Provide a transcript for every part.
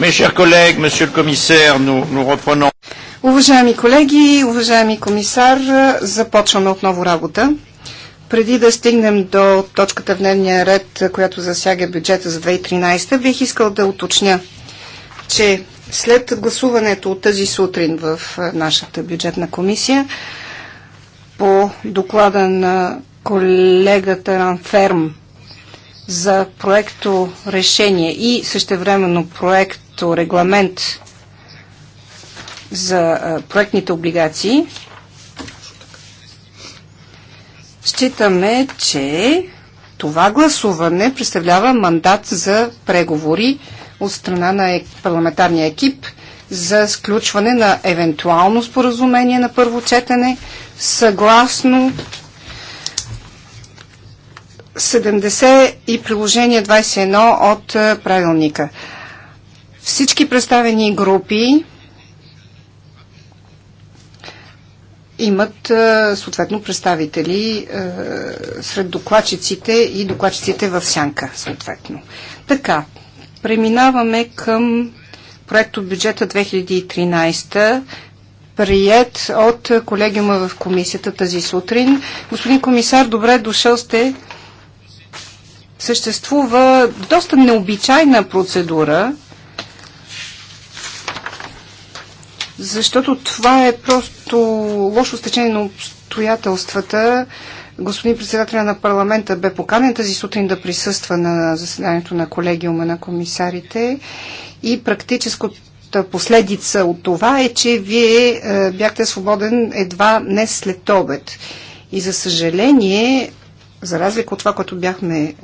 Mes chers collègues, monsieur le commissaire, nous, nous reprenons. Уважаеми колеги, уважаеми комисар, започваме отново работа. Преди да стигнем до точката в дневния ред, която засяга бюджета за 2013, бих искал да уточня, че след гласуването от тази сутрин в нашата бюджетна комисия по доклада на колегата Ранферм за проекто решение и същевременно проекто регламент за проектните облигации, считаме, че това гласуване представлява мандат за преговори от страна на е-, парламентарния екип за сключване на евентуално споразумение на първо четене съгласно 70 и приложение 21 от е, правилника. Всички представени групи имат е, съответно представители е, сред докладчиците и докладчиците в сянка съответно. Така, преминаваме към проекто бюджета 2013 прият от колегиума в комисията тази сутрин. Господин комисар, добре дошъл сте съществува доста необичайна процедура, защото това е просто лошо стечение на обстоятелствата. Господин председателя на парламента бе поканен тази сутрин да присъства на заседанието на колегиума на комисарите и практическата последица от това е, че вие е, бяхте свободен едва не след обед. И за съжаление, за разлика от това, което бяхме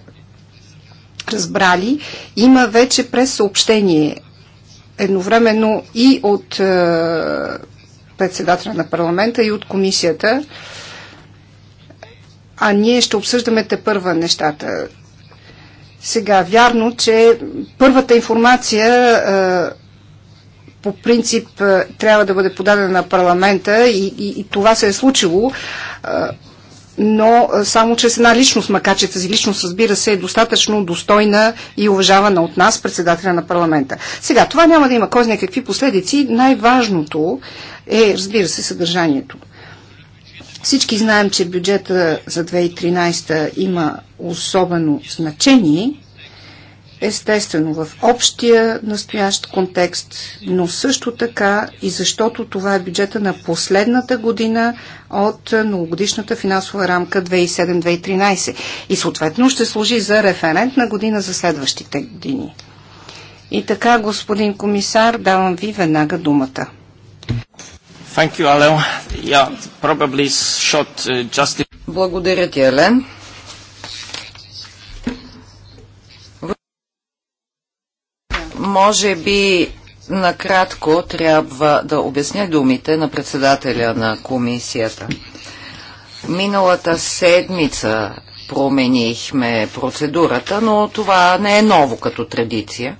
разбрали, има вече през съобщение едновременно и от е, председателя на парламента и от комисията. А ние ще обсъждаме те първа нещата. Сега, вярно, че първата информация е, по принцип е, трябва да бъде подадена на парламента и, и, и това се е случило. Е, но само чрез една личност, макар че тази личност, разбира се, е достатъчно достойна и уважавана от нас, председателя на парламента. Сега, това няма да има кой знае какви последици. Най-важното е, разбира се, съдържанието. Всички знаем, че бюджета за 2013 има особено значение естествено в общия настоящ контекст, но също така и защото това е бюджета на последната година от многогодишната финансова рамка 2007-2013 и съответно ще служи за референтна година за следващите години. И така, господин комисар, давам ви веднага думата. Uh, Благодаря ти, Елен. Може би накратко трябва да обясня думите на председателя на комисията. Миналата седмица променихме процедурата, но това не е ново като традиция.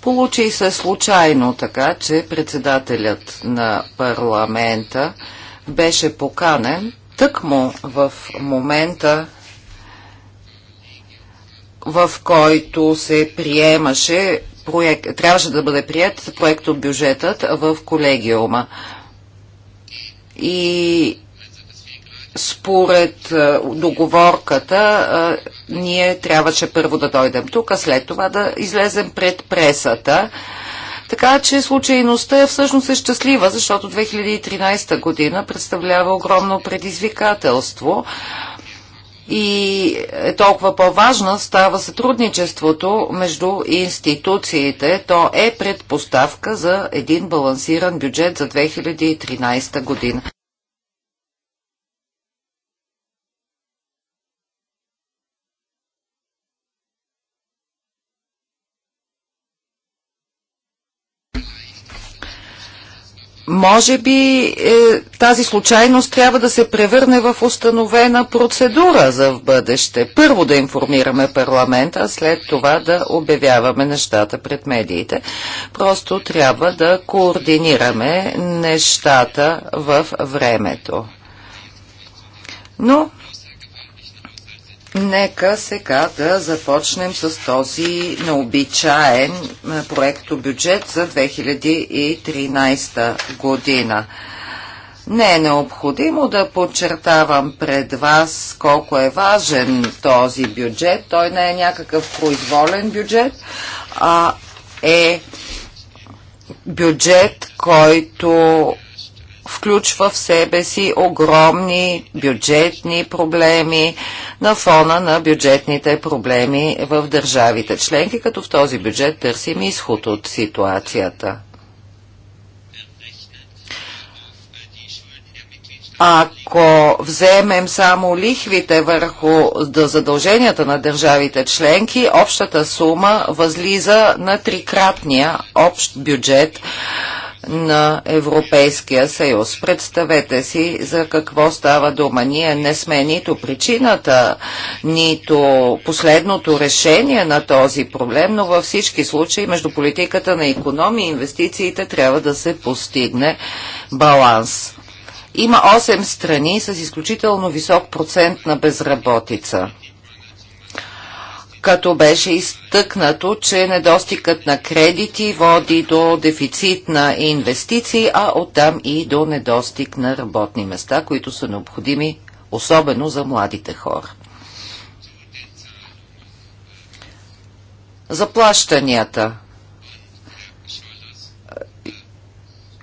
Получи се случайно така, че председателят на парламента беше поканен тъкмо в момента, в който се приемаше, проект, трябваше да бъде прият проект от бюджетът в колегиума. И според договорката ние трябваше първо да дойдем тук, а след това да излезем пред пресата. Така че случайността е всъщност е щастлива, защото 2013 година представлява огромно предизвикателство и е толкова по-важна става сътрудничеството между институциите. То е предпоставка за един балансиран бюджет за 2013 година. Може би е, тази случайност трябва да се превърне в установена процедура за в бъдеще. Първо да информираме парламента, а след това да обявяваме нещата пред медиите. Просто трябва да координираме нещата в времето. Но Нека сега да започнем с този необичаен бюджет за 2013 година. Не е необходимо да подчертавам пред вас колко е важен този бюджет. Той не е някакъв произволен бюджет, а е бюджет, който включва в себе си огромни бюджетни проблеми на фона на бюджетните проблеми в държавите членки, като в този бюджет търсим изход от ситуацията. Ако вземем само лихвите върху задълженията на държавите членки, общата сума възлиза на трикратния общ бюджет на Европейския съюз. Представете си за какво става дума. Ние не сме нито причината, нито последното решение на този проблем, но във всички случаи между политиката на економия и инвестициите трябва да се постигне баланс. Има 8 страни с изключително висок процент на безработица като беше изтъкнато, че недостигът на кредити води до дефицит на инвестиции, а оттам и до недостиг на работни места, които са необходими особено за младите хора. Заплащанията.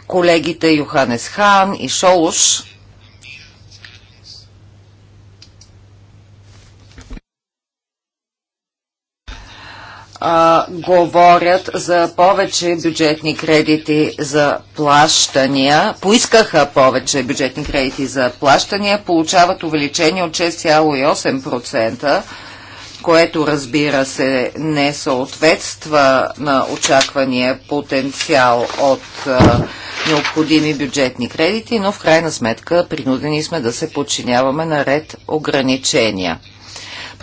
Колегите Йоханес Хан и Шолуш а, говорят за повече бюджетни кредити за плащания. Поискаха повече бюджетни кредити за плащания, получават увеличение от 6,8% което разбира се не съответства на очаквания потенциал от а, необходими бюджетни кредити, но в крайна сметка принудени сме да се подчиняваме на ред ограничения.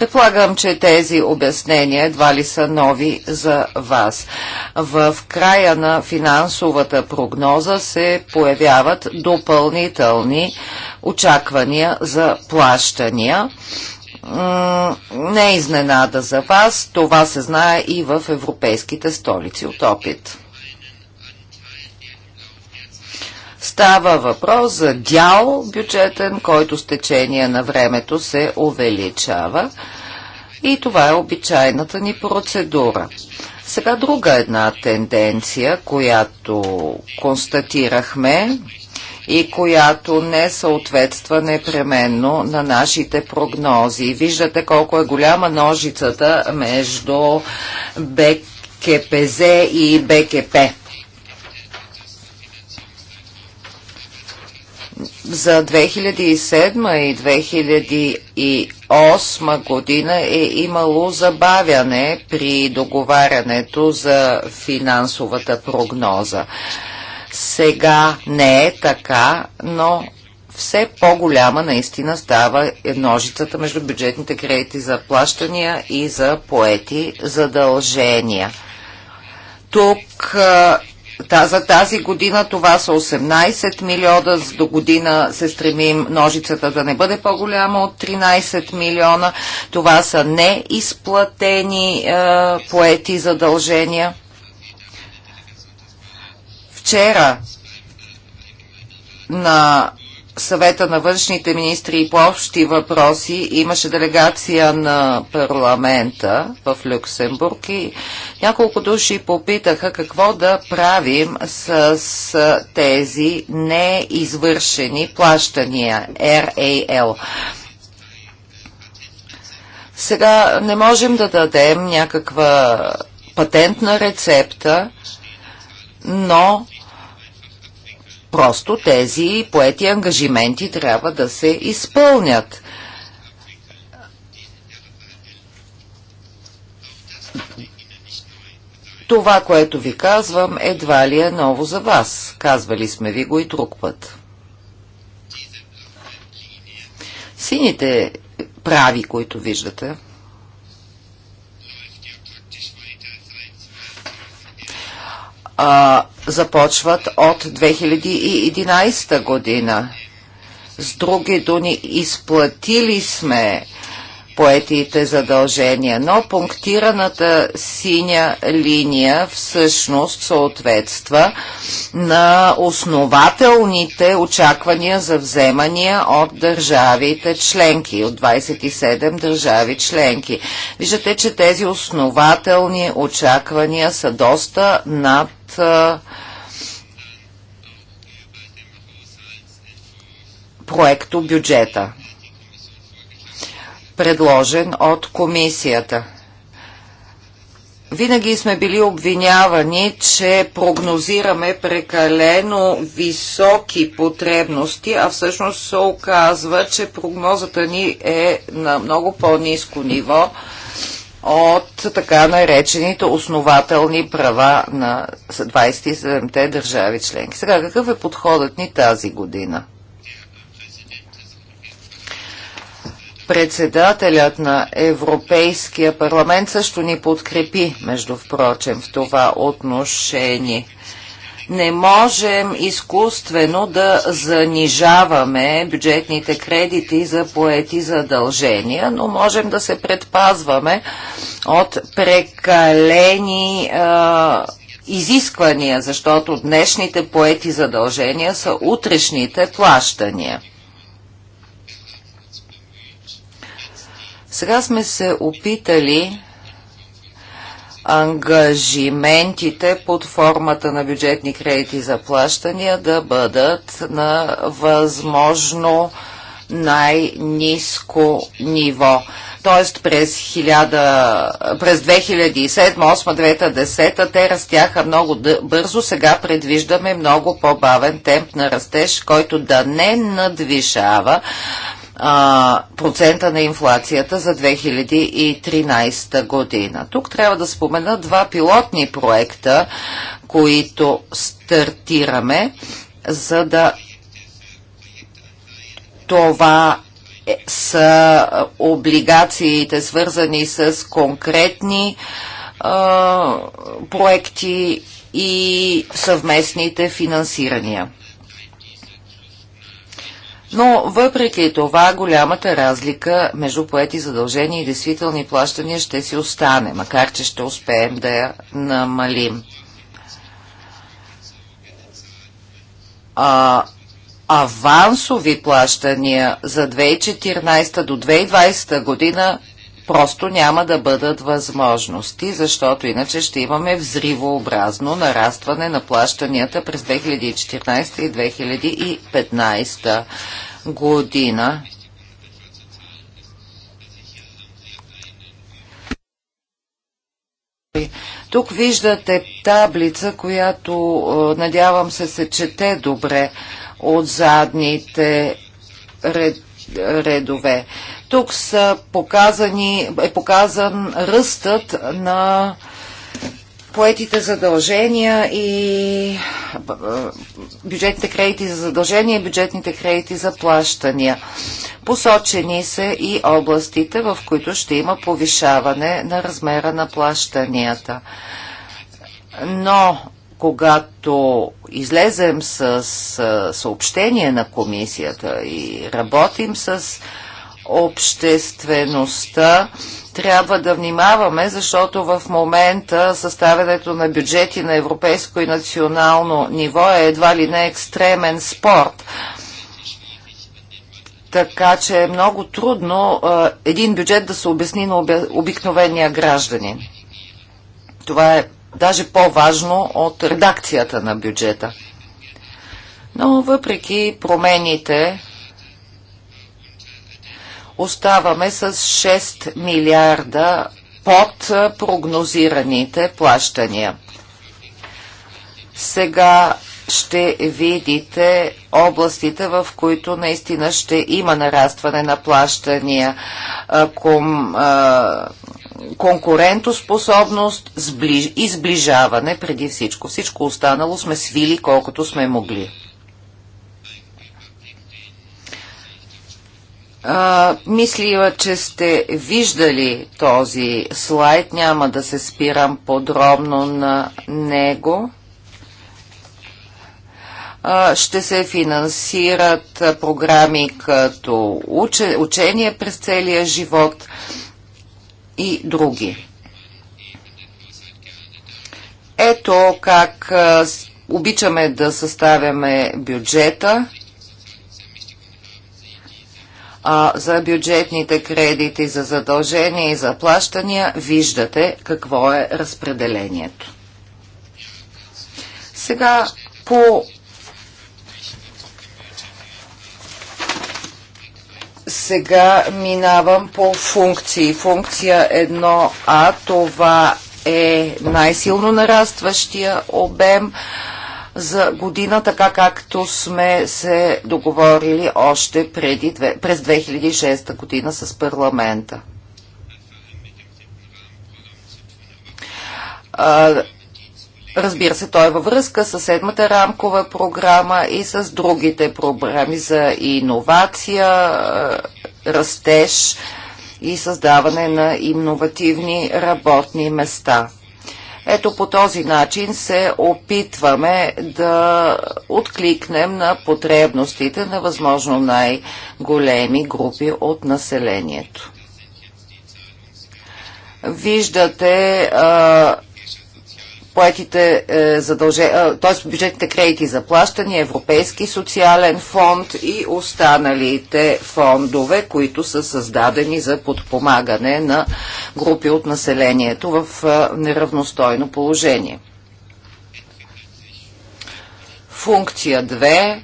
Предполагам, че тези обяснения едва ли са нови за вас. В края на финансовата прогноза се появяват допълнителни очаквания за плащания не е изненада за вас, това се знае и в европейските столици от опит. Става въпрос за дял бюджетен, който с течение на времето се увеличава. И това е обичайната ни процедура. Сега друга една тенденция, която констатирахме и която не съответства непременно на нашите прогнози. Виждате колко е голяма ножицата между БКПЗ и БКП. за 2007 и 2008 година е имало забавяне при договарянето за финансовата прогноза. Сега не е така, но все по-голяма наистина става е ножицата между бюджетните кредити за плащания и за поети задължения. Тук Та, за тази година това са 18 милиона, с до година се стремим ножицата да не бъде по-голяма от 13 милиона. Това са неизплатени е, поети задължения. Вчера на съвета на външните министри и по общи въпроси имаше делегация на парламента в Люксембург и няколко души попитаха какво да правим с, с тези неизвършени плащания RAL. Сега не можем да дадем някаква патентна рецепта, но Просто тези поети ангажименти трябва да се изпълнят. Това, което ви казвам, едва ли е ново за вас. Казвали сме ви го и друг път. Сините прави, които виждате, а, започват от 2011 година. С други думи, изплатили сме поетите задължения. Но пунктираната синя линия всъщност съответства на основателните очаквания за вземания от държавите членки, от 27 държави членки. Виждате, че тези основателни очаквания са доста над проекто бюджета предложен от комисията. Винаги сме били обвинявани, че прогнозираме прекалено високи потребности, а всъщност се оказва, че прогнозата ни е на много по-низко ниво от така наречените основателни права на 27-те държави членки. Сега, какъв е подходът ни тази година? Председателят на Европейския парламент също ни подкрепи, между впрочем, в това отношение. Не можем изкуствено да занижаваме бюджетните кредити за поети задължения, но можем да се предпазваме от прекалени а, изисквания, защото днешните поети задължения са утрешните плащания. Сега сме се опитали ангажиментите под формата на бюджетни кредити за плащания да бъдат на възможно най-низко ниво. Тоест през, 1000, през 2007, 2008, 2010 те растяха много бързо, сега предвиждаме много по-бавен темп на растеж, който да не надвишава а, процента на инфлацията за 2013 година. Тук трябва да спомена два пилотни проекта, които стартираме, за да това е, са облигациите свързани с конкретни а, проекти и съвместните финансирания. Но въпреки това голямата разлика между поети задължения и действителни плащания ще си остане, макар че ще успеем да я намалим. А, авансови плащания за 2014 до 2020 година просто няма да бъдат възможности, защото иначе ще имаме взривообразно нарастване на плащанията през 2014 и 2015 година. Тук виждате таблица, която е, надявам се се чете добре от задните ред, редове. Тук са показани, е показан ръстът на поетите задължения и е, бюджетните кредити за задължения и бюджетните кредити за плащания. Посочени са и областите, в които ще има повишаване на размера на плащанията. Но когато излезем с е, съобщение на комисията и работим с обществеността, трябва да внимаваме, защото в момента съставянето на бюджети на европейско и национално ниво е едва ли не екстремен спорт. Така че е много трудно а, един бюджет да се обясни на обикновения гражданин. Това е даже по-важно от редакцията на бюджета. Но въпреки промените оставаме с 6 милиарда под прогнозираните плащания. Сега ще видите областите, в които наистина ще има нарастване на плащания. конкурентоспособност и сближаване преди всичко. Всичко останало сме свили колкото сме могли. А, мислила, че сте виждали този слайд. Няма да се спирам подробно на него. ще се финансират програми като учение през целия живот и други. Ето как обичаме да съставяме бюджета а, за бюджетните кредити, за задължения и за плащания, виждате какво е разпределението. Сега по сега минавам по функции. Функция 1А, това е най-силно нарастващия обем за година, така както сме се договорили още преди, през 2006 година с парламента. Разбира се, той е във връзка с седмата рамкова програма и с другите програми за иновация, растеж и създаване на иновативни работни места. Ето по този начин се опитваме да откликнем на потребностите на възможно най-големи групи от населението. Виждате а, поетите е, задължения, е, т.е. бюджетните кредити за плащане, Европейски социален фонд и останалите фондове, които са създадени за подпомагане на групи от населението в е, неравностойно положение. Функция 2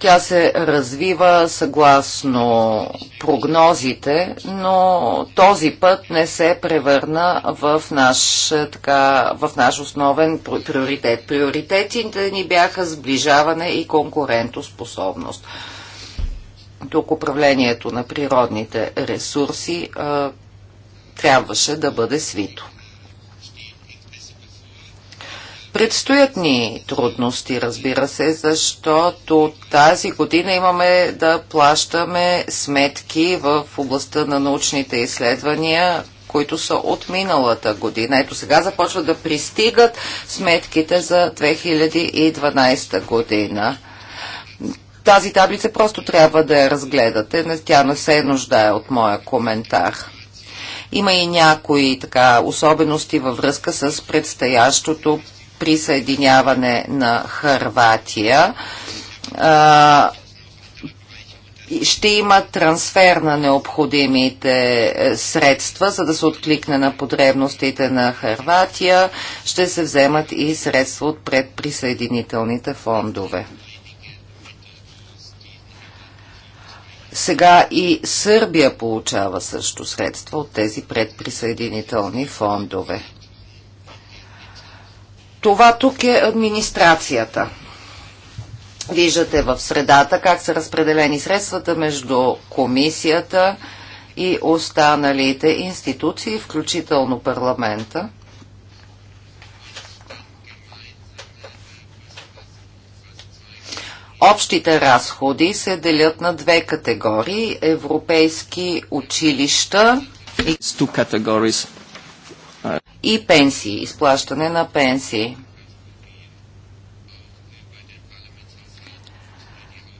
тя се развива съгласно прогнозите, но този път не се превърна в наш, така, в наш основен приоритет. Приоритетите ни бяха сближаване и конкурентоспособност. Тук управлението на природните ресурси а, трябваше да бъде свито. Предстоят ни трудности, разбира се, защото тази година имаме да плащаме сметки в областта на научните изследвания, които са от миналата година. Ето сега започват да пристигат сметките за 2012 година. Тази таблица просто трябва да я разгледате. Тя не се нуждае от моя коментар. Има и някои така особености във връзка с предстоящото присъединяване на Харватия ще има трансфер на необходимите е, средства, за да се откликне на потребностите на Харватия. Ще се вземат и средства от предприсъединителните фондове. Сега и Сърбия получава също средства от тези предприсъединителни фондове. Това тук е администрацията. Виждате в средата как са разпределени средствата между комисията и останалите институции, включително парламента. Общите разходи се делят на две категории – европейски училища и и пенсии, изплащане на пенсии.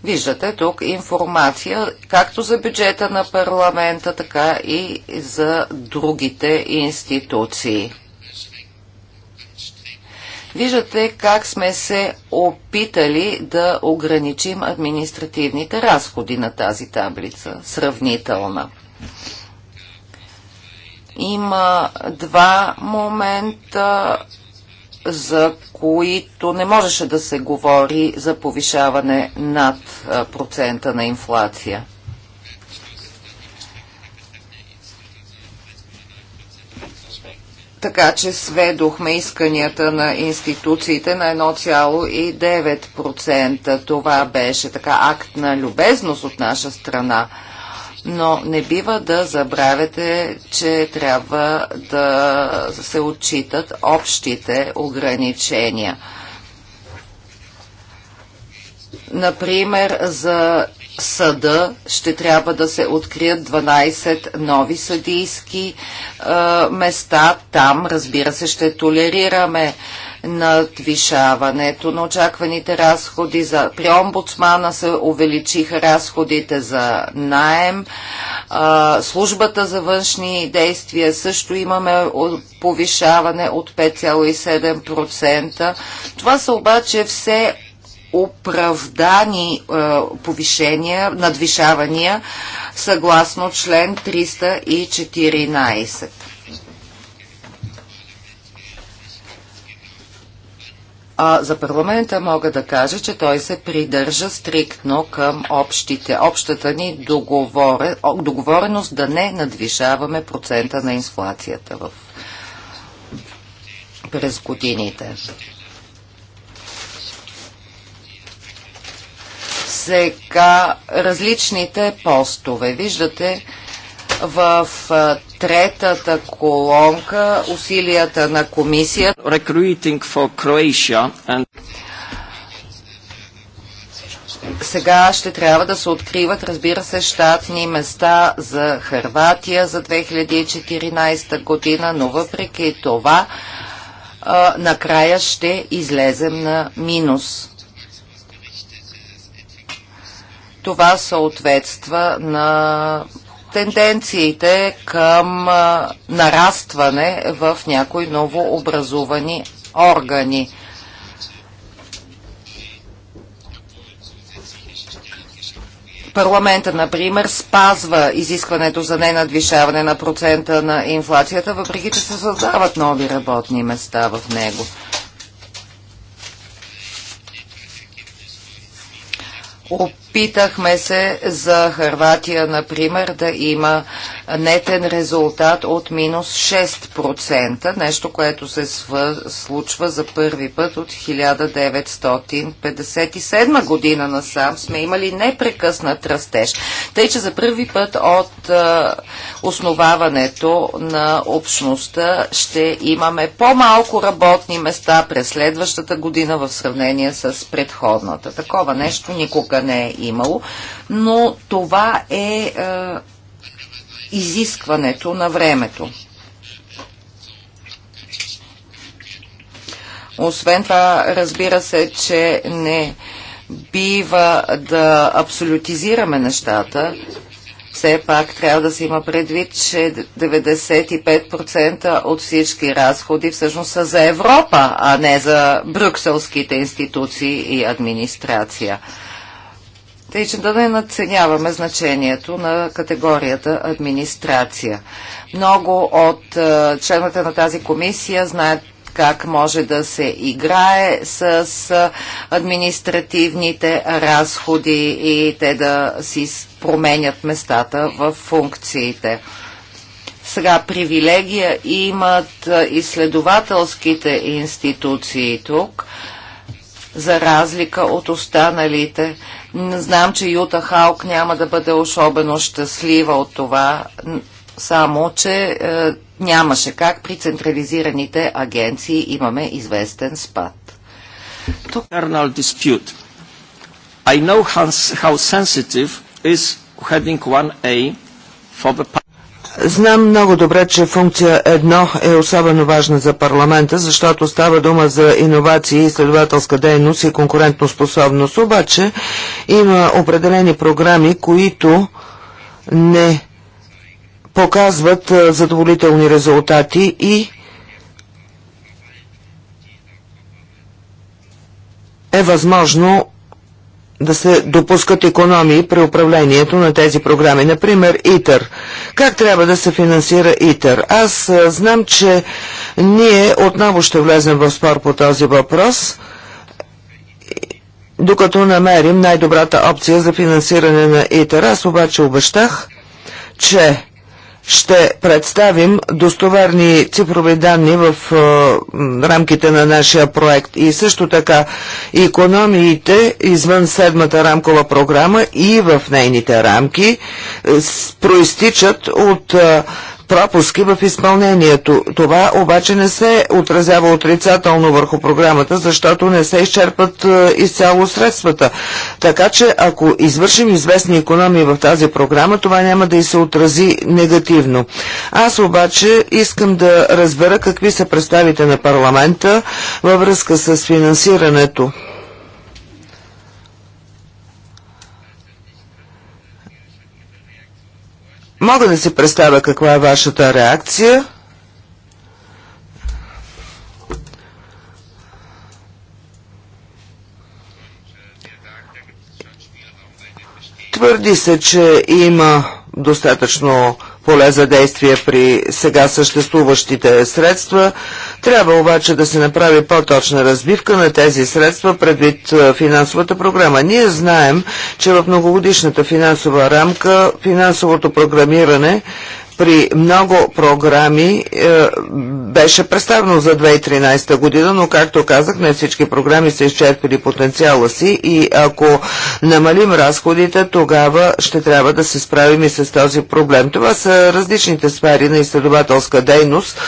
Виждате тук информация както за бюджета на парламента, така и за другите институции. Виждате как сме се опитали да ограничим административните разходи на тази таблица, сравнителна. Има два момента, за които не можеше да се говори за повишаване над процента на инфлация. Така че сведохме исканията на институциите на 1,9%. Това беше така акт на любезност от наша страна но не бива да забравяте, че трябва да се отчитат общите ограничения. Например, за съда ще трябва да се открият 12 нови съдийски е, места. Там, разбира се, ще толерираме е, надвишаването на очакваните разходи. За, при омбудсмана се увеличиха разходите за найем. А, службата за външни действия също имаме повишаване от 5,7%. Това са обаче все оправдани а, повишения, надвишавания съгласно член 314. А за парламента мога да кажа, че той се придържа стриктно към общите, общата ни договоре, договореност да не надвишаваме процента на инфлацията в, през годините. Сега различните постове. Виждате, в третата колонка усилията на комисията сега ще трябва да се откриват, разбира се, щатни места за Харватия за 2014 година, но въпреки това накрая ще излезем на минус. Това съответства на тенденциите към а, нарастване в някои новообразувани органи. Парламента, например, спазва изискването за ненадвишаване на процента на инфлацията, въпреки че се създават нови работни места в него. Оп Опитахме се за Харватия, например, да има нетен резултат от минус 6%, нещо, което се случва за първи път от 1957 година насам. Сме имали непрекъснат растеж. Тъй, че за първи път от а, основаването на общността ще имаме по-малко работни места през следващата година в сравнение с предходната. Такова нещо никога не е имало, но това е, е изискването на времето. Освен това, разбира се, че не бива да абсолютизираме нещата. Все пак трябва да се има предвид, че 95% от всички разходи всъщност са за Европа, а не за брюкселските институции и администрация. Тъй, че да не надценяваме значението на категорията администрация. Много от е, членовете на тази комисия знаят как може да се играе с е, административните разходи и те да си променят местата в функциите. Сега привилегия имат е, изследователските институции тук, за разлика от останалите. Знам, че Юта Халк няма да бъде особено щастлива от това, само че е, нямаше как при централизираните агенции имаме известен спад. Тук... I know how sensitive is heading 1A for the Знам много добре, че функция едно е особено важна за парламента, защото става дума за иновации, изследователска дейност и способност. Обаче има определени програми, които не показват задоволителни резултати и е възможно да се допускат економии при управлението на тези програми. Например, ИТЕР. Как трябва да се финансира ИТЕР? Аз знам, че ние отново ще влезем в спор по този въпрос, докато намерим най-добрата опция за финансиране на ИТЕР. Аз обаче обещах, че ще представим достоверни цифрови данни в рамките на нашия проект и също така економиите извън седмата рамкова програма и в нейните рамки е, проистичат от пропуски в изпълнението. Това обаче не се отразява отрицателно върху програмата, защото не се изчерпат е, изцяло средствата. Така че ако извършим известни економии в тази програма, това няма да и се отрази негативно. Аз обаче искам да разбера какви са представите на парламента във връзка с финансирането. Мога да си представя каква е вашата реакция. Твърди се, че има достатъчно поле за действие при сега съществуващите средства. Трябва обаче да се направи по-точна разбивка на тези средства предвид е, финансовата програма. Ние знаем, че в многогодишната финансова рамка финансовото програмиране при много програми е, беше представено за 2013 година, но както казах, не всички програми са изчерпили потенциала си и ако намалим разходите, тогава ще трябва да се справим и с този проблем. Това са различните сфери на изследователска дейност,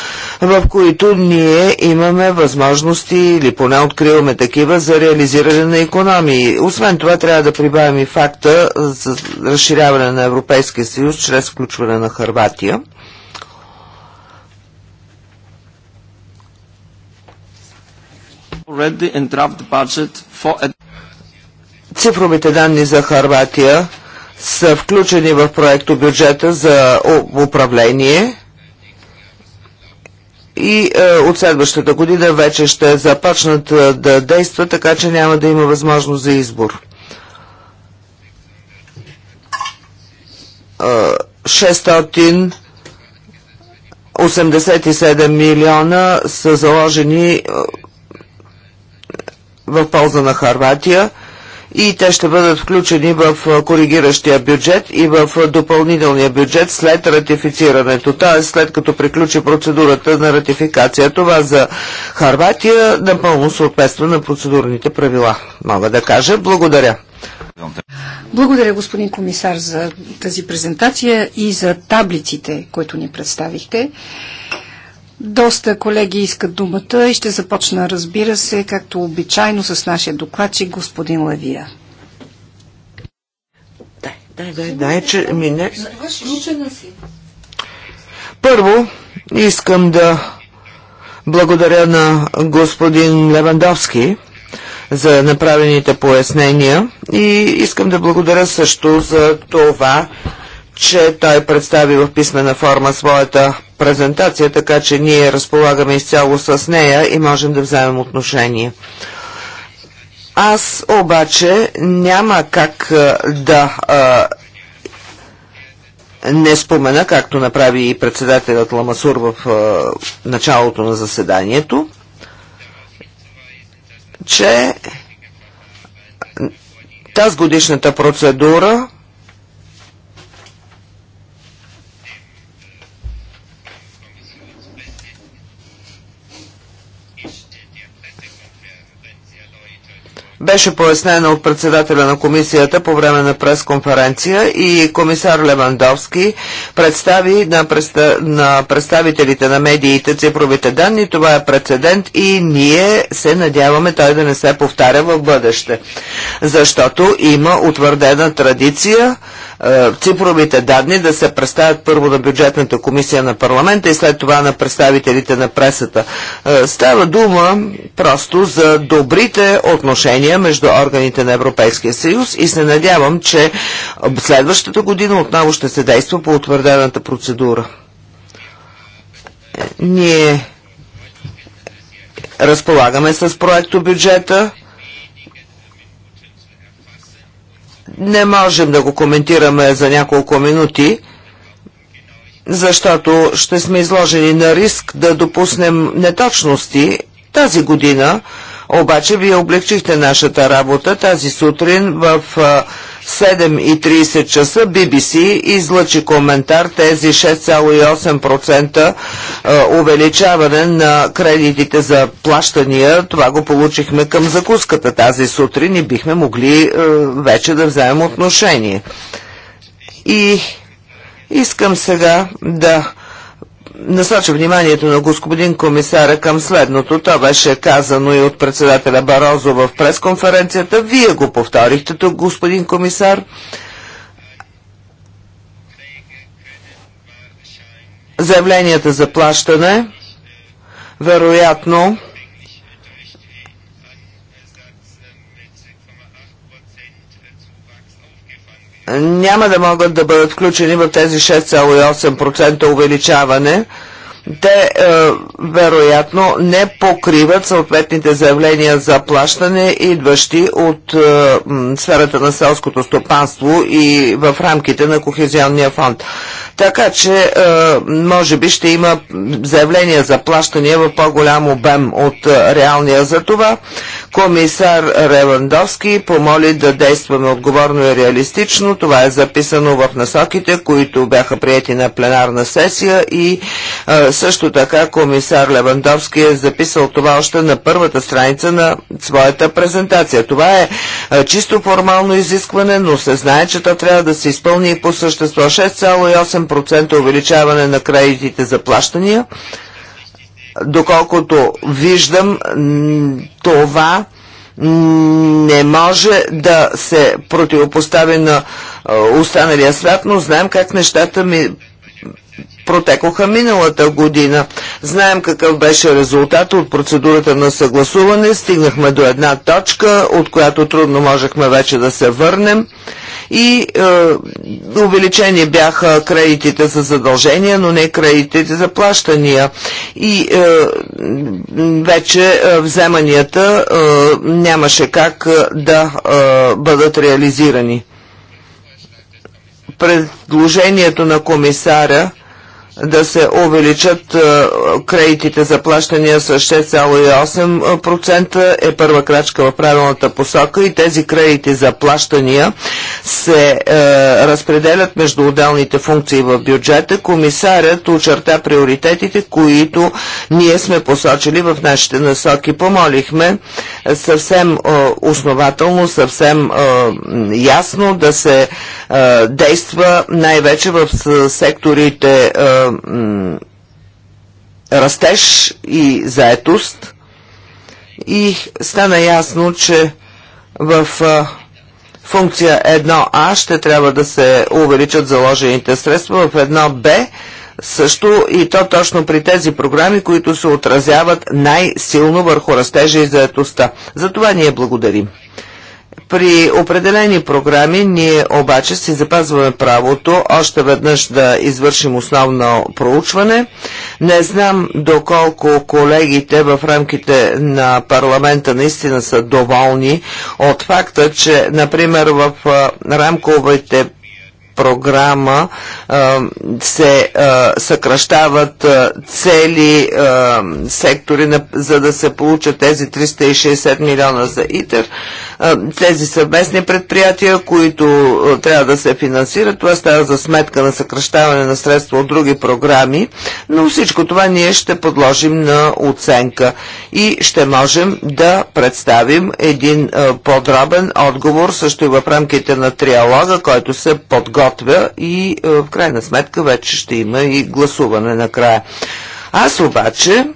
в които ние имаме възможности или поне откриваме такива за реализиране на економии. Освен това трябва да прибавим и факта за разширяване на Европейския съюз чрез включване на Харватия партия. Цифровите данни за Харватия са включени в проекто бюджета за управление и е, от следващата година вече ще започнат е, да действат, така че няма да има възможност за избор. Е, 687 милиона са заложени е, в полза на Харватия и те ще бъдат включени в е, коригиращия бюджет и в е, допълнителния бюджет след ратифицирането, т.е. след като приключи процедурата на ратификация. Това за Харватия напълно съответства на процедурните правила, мога да кажа. Благодаря. Благодаря, господин комисар, за тази презентация и за таблиците, които ни представихте. Доста колеги искат думата и ще започна, разбира се, както обичайно с нашия докладчик, господин Лавия. че Първо, искам да благодаря на господин Левандовски, за направените пояснения и искам да благодаря също за това, че той представи в писмена форма своята презентация, така че ние разполагаме изцяло с нея и можем да вземем отношение. Аз обаче няма как да а, не спомена, както направи и председателят Ламасур в а, началото на заседанието, че тази годишната процедура беше пояснена от председателя на комисията по време на пресконференция и комисар Левандовски представи на, преста... на представителите на медиите цифровите данни. Това е прецедент и ние се надяваме той да не се повтаря в бъдеще, защото има утвърдена традиция е, цифровите данни да се представят първо на бюджетната комисия на парламента и след това на представителите на пресата. Е, става дума просто за добрите отношения между органите на Европейския съюз и се надявам, че следващата година отново ще се действа по утвърдената процедура. Е, ние разполагаме с проекто бюджета не можем да го коментираме за няколко минути, защото ще сме изложени на риск да допуснем неточности тази година, обаче вие облегчихте нашата работа. Тази сутрин в 7.30 часа BBC излъчи коментар тези 6,8% увеличаване на кредитите за плащания. Това го получихме към закуската тази сутрин и бихме могли вече да вземем отношение. И искам сега да насоча вниманието на господин комисара към следното. това беше казано и от председателя Барозо в пресконференцията. Вие го повторихте тук, господин комисар. Заявленията за плащане вероятно няма да могат да бъдат включени в тези 6,8% увеличаване. Те е, вероятно не покриват съответните заявления за плащане, идващи от е, сферата на селското стопанство и в рамките на Кохезионния фонд. Така че, е, може би ще има заявления за плащания в по-голям обем от е, реалния за това. Комисар Ревандовски помоли да действаме отговорно и реалистично. Това е записано в насоките, които бяха прияти на пленарна сесия и а, също така комисар Левандовски е записал това още на първата страница на своята презентация. Това е, а, чисто формално изискване, но се знае, че то трябва да се изпълни и по същество 6,8% увеличаване на кредитите за плащания – Доколкото виждам, това не може да се противопостави на останалия свят, но знаем как нещата ми протекоха миналата година. Знаем какъв беше резултат от процедурата на съгласуване. Стигнахме до една точка, от която трудно можехме вече да се върнем. И е, увеличени бяха кредитите за задължения, но не кредитите за плащания. И е, вече е, вземанията е, нямаше как е, да е, бъдат реализирани предложението на комисара да се увеличат е, кредитите за плащания с 6,8% е първа крачка в правилната посока и тези кредити за плащания се е, разпределят между отделните функции в бюджета. Комисарят очерта приоритетите, които ние сме посочили в нашите насоки. Помолихме съвсем е, основателно, съвсем е, ясно да се е, действа най-вече в секторите е, растеж и заетост и стана ясно, че в функция 1А ще трябва да се увеличат заложените средства в 1Б също и то точно при тези програми, които се отразяват най-силно върху растежа и заетостта. За това ние благодарим. При определени програми ние обаче си запазваме правото още веднъж да извършим основно проучване. Не знам доколко колегите в рамките на парламента наистина са доволни от факта, че, например, в рамковите програма се съкръщават цели сектори, за да се получат тези 360 милиона за ИТЕР. Тези съвместни предприятия, които трябва да се финансират, това става за сметка на съкръщаване на средства от други програми, но всичко това ние ще подложим на оценка и ще можем да представим един подробен отговор също и в рамките на триалога, който се подготвя и в край крайна сметка вече ще има и гласуване накрая. Аз обаче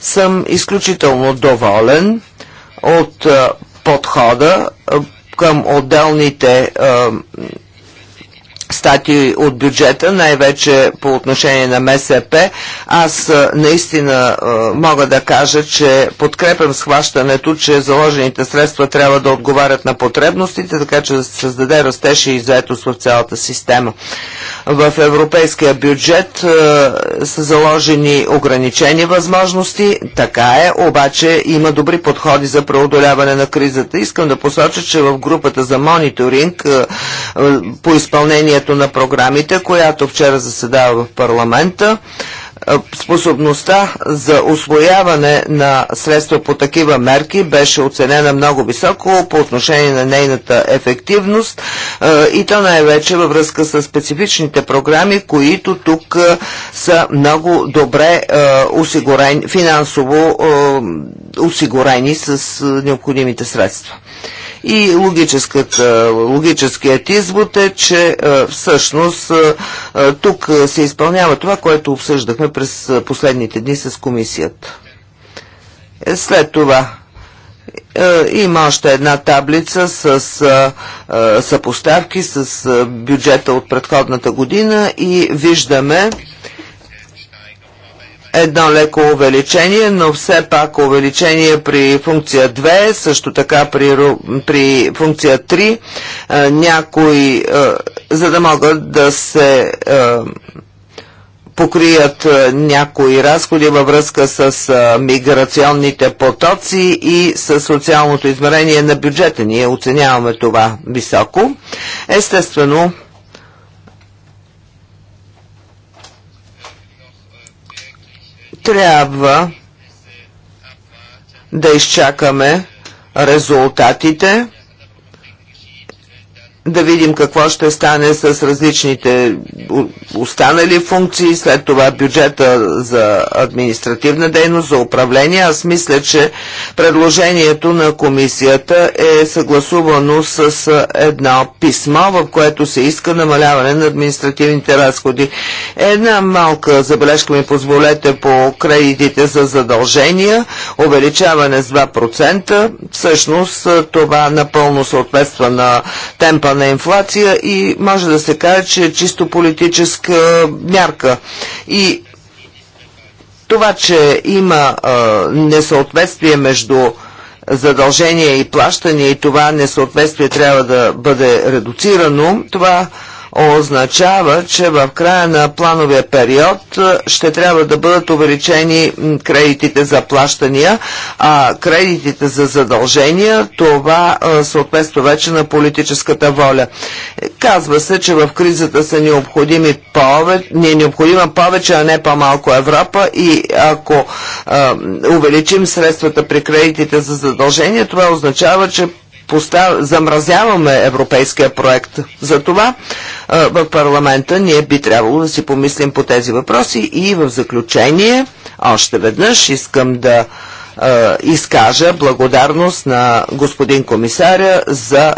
съм изключително доволен от подхода към отделните статии от бюджета, най-вече по отношение на МСП. Аз наистина мога да кажа, че подкрепям схващането, че заложените средства трябва да отговарят на потребностите, така че да се създаде растеж и заетост в цялата система. В европейския бюджет е, са заложени ограничени възможности, така е, обаче има добри подходи за преодоляване на кризата. Искам да посоча, че в групата за мониторинг е, по изпълнение изпълнението на програмите, която вчера заседава в парламента е, способността за освояване на средства по такива мерки беше оценена много високо по отношение на нейната ефективност е, и то най-вече във връзка с специфичните програми, които тук е, са много добре осигурени, финансово осигурени с необходимите средства. И логическият извод е, че е, всъщност е, е, тук се изпълнява това, което обсъждахме през последните дни с комисията. След това има още една таблица с съпоставки с бюджета от предходната година и виждаме едно леко увеличение, но все пак увеличение при функция 2, също така при, при функция 3, е, някои, е, за да могат да се е, покрият някои разходи във връзка с миграционните потоци и с социалното измерение на бюджета. Ние оценяваме това високо. Естествено, трябва да изчакаме резултатите да видим какво ще стане с различните останали функции, след това бюджета за административна дейност, за управление. Аз мисля, че предложението на комисията е съгласувано с едно писмо, в което се иска намаляване на административните разходи. Една малка забележка ми позволете по кредитите за задължения, увеличаване с 2%. Всъщност това напълно съответства на темпа на инфлация и може да се каже, че е чисто политическа мярка. И това, че има а, несъответствие между задължение и плащане и това несъответствие трябва да бъде редуцирано, това означава, че в края на плановия период ще трябва да бъдат увеличени кредитите за плащания, а кредитите за задължения, това съответства вече на политическата воля. Казва се, че в кризата са необходими повече, не е необходима повече, а не по-малко Европа и ако а, увеличим средствата при кредитите за задължения, това означава, че постав... замразяваме европейския проект. Затова в парламента ние би трябвало да си помислим по тези въпроси и в заключение още веднъж искам да изкажа благодарност на господин комисаря за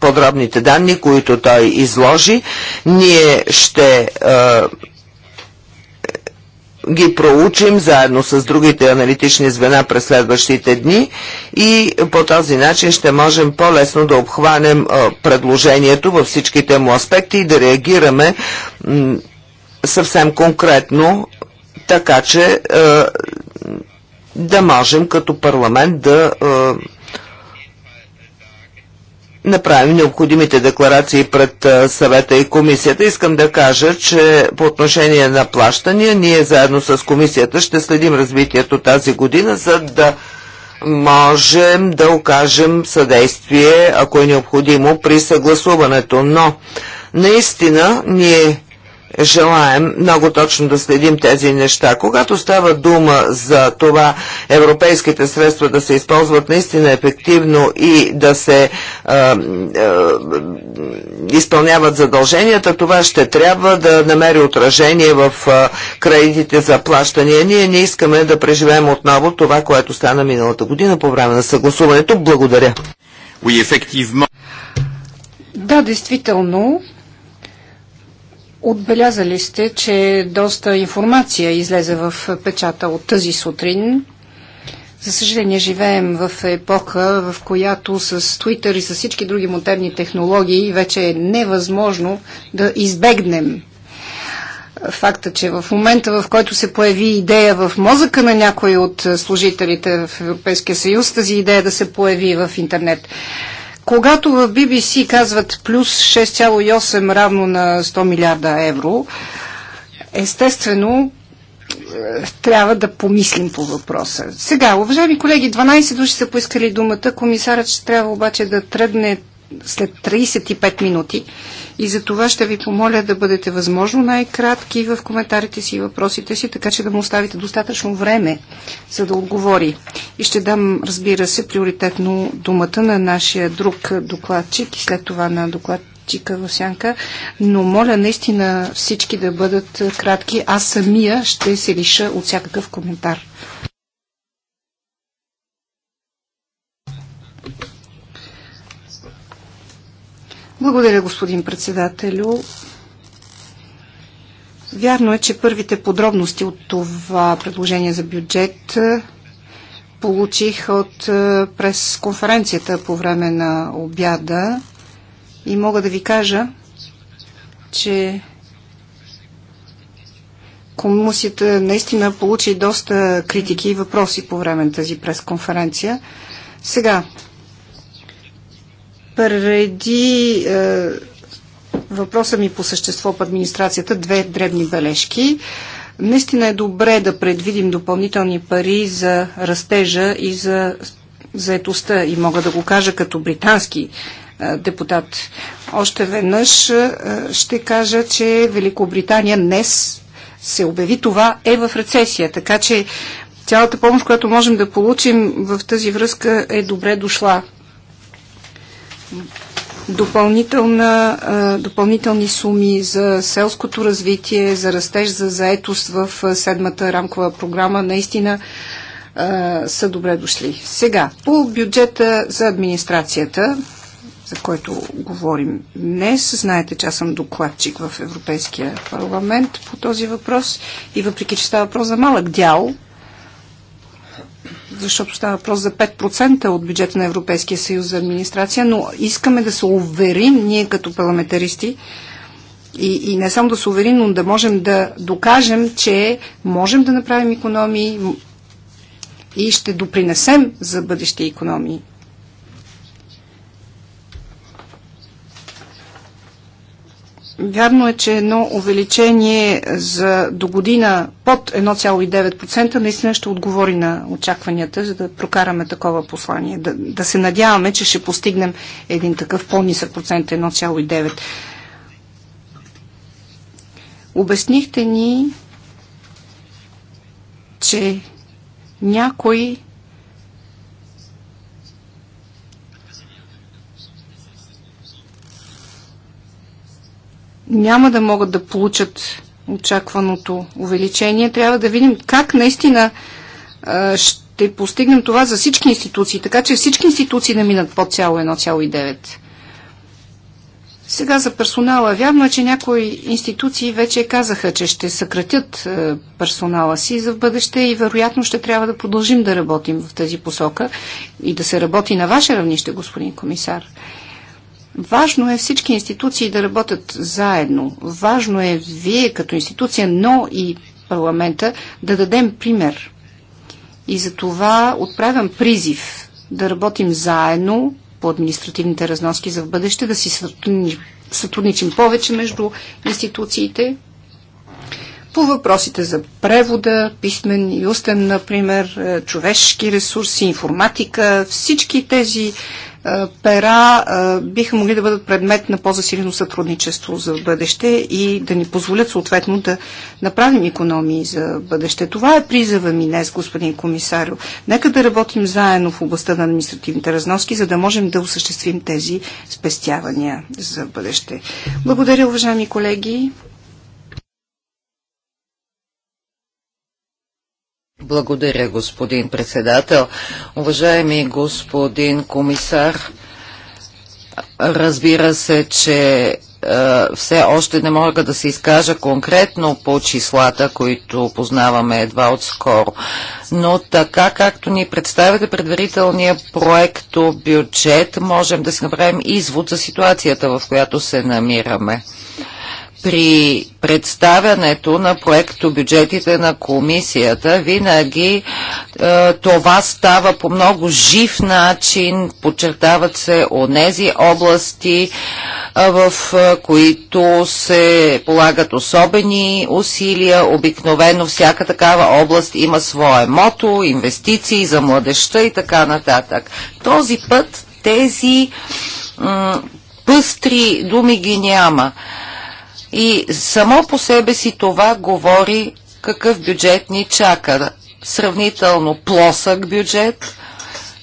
подробните данни, които той изложи. Ние ще ги проучим заедно с другите аналитични звена през следващите дни и по този начин ще можем по-лесно да обхванем предложението във всичките му аспекти и да реагираме съвсем конкретно, така че да можем като парламент да направим необходимите декларации пред съвета и комисията. Искам да кажа, че по отношение на плащания, ние заедно с комисията ще следим развитието тази година, за да можем да окажем съдействие, ако е необходимо, при съгласуването. Но наистина ние желаем много точно да следим тези неща. Когато става дума за това европейските средства да се използват наистина ефективно и да се а, а, изпълняват задълженията, това ще трябва да намери отражение в кредитите за плащания. Ние не искаме да преживеем отново това, което стана миналата година по време на съгласуването. Благодаря. да, действително, Отбелязали сте, че доста информация излезе в печата от тази сутрин. За съжаление, живеем в епоха, в която с Twitter и с всички други модерни технологии вече е невъзможно да избегнем факта, че в момента, в който се появи идея в мозъка на някой от служителите в Европейския съюз, тази идея да се появи в интернет. Когато в BBC казват плюс 6,8 равно на 100 милиарда евро, естествено е, трябва да помислим по въпроса. Сега, уважаеми колеги, 12 души са поискали думата. Комисарът ще трябва обаче да тръгне след 35 минути и за това ще ви помоля да бъдете възможно най-кратки в коментарите си и въпросите си, така че да му оставите достатъчно време, за да отговори. И ще дам, разбира се, приоритетно думата на нашия друг докладчик и след това на доклад чика в сянка, но моля наистина всички да бъдат кратки. Аз самия ще се лиша от всякакъв коментар. Благодаря, господин председателю. Вярно е, че първите подробности от това предложение за бюджет е, получих от е, през конференцията по време на обяда и мога да ви кажа, че комисията наистина получи доста критики и въпроси по време на тази пресконференция. Сега, преди е, въпроса ми по същество по администрацията, две дребни бележки. Наистина е добре да предвидим допълнителни пари за растежа и за заетостта. И мога да го кажа като британски е, депутат. Още веднъж е, ще кажа, че Великобритания днес се обяви това е в рецесия. Така че цялата помощ, която можем да получим в тази връзка е добре дошла допълнителна, допълнителни суми за селското развитие, за растеж, за заетост в седмата рамкова програма наистина са добре дошли. Сега, по бюджета за администрацията, за който говорим днес, знаете, че аз съм докладчик в Европейския парламент по този въпрос и въпреки, че става въпрос за малък дял защото става въпрос за 5% от бюджета на Европейския съюз за администрация, но искаме да се уверим ние като парламентаристи и, и не само да се уверим, но да можем да докажем, че можем да направим економии и ще допринесем за бъдещи економии. Вярно е, че едно увеличение за до година под 1,9% наистина ще отговори на очакванията, за да прокараме такова послание. Да, да се надяваме, че ще постигнем един такъв по-нисък процент 1,9%. Обяснихте ни, че някои няма да могат да получат очакваното увеличение. Трябва да видим как наистина ще постигнем това за всички институции, така че всички институции да минат под цяло 1,9. Сега за персонала. Вярно е, че някои институции вече казаха, че ще съкратят персонала си за в бъдеще и вероятно ще трябва да продължим да работим в тази посока и да се работи на ваше равнище, господин комисар. Важно е всички институции да работят заедно. Важно е вие като институция, но и парламента да дадем пример. И за това отправям призив да работим заедно по административните разноски за в бъдеще, да си сътрудничим повече между институциите, по въпросите за превода, писмен и устен, например, е, човешки ресурси, информатика, всички тези е, пера е, биха могли да бъдат предмет на по-засилено сътрудничество за бъдеще и да ни позволят съответно да направим економии за бъдеще. Това е призъва ми днес, господин комисар. Нека да работим заедно в областта на административните разноски, за да можем да осъществим тези спестявания за бъдеще. Благодаря, уважаеми колеги. Благодаря, господин председател. Уважаеми господин комисар, разбира се, че е, все още не мога да се изкажа конкретно по числата, които познаваме едва отскоро. Но така както ни представяте предварителния проекто бюджет, можем да си направим извод за ситуацията, в която се намираме при представянето на проекто бюджетите на комисията винаги е, това става по много жив начин, подчертават се онези области, е, в е, които се полагат особени усилия. Обикновено всяка такава област има свое мото, инвестиции за младеща и така нататък. Този път тези пъстри думи ги няма. И само по себе си това говори какъв бюджет ни чака. Сравнително плосък бюджет,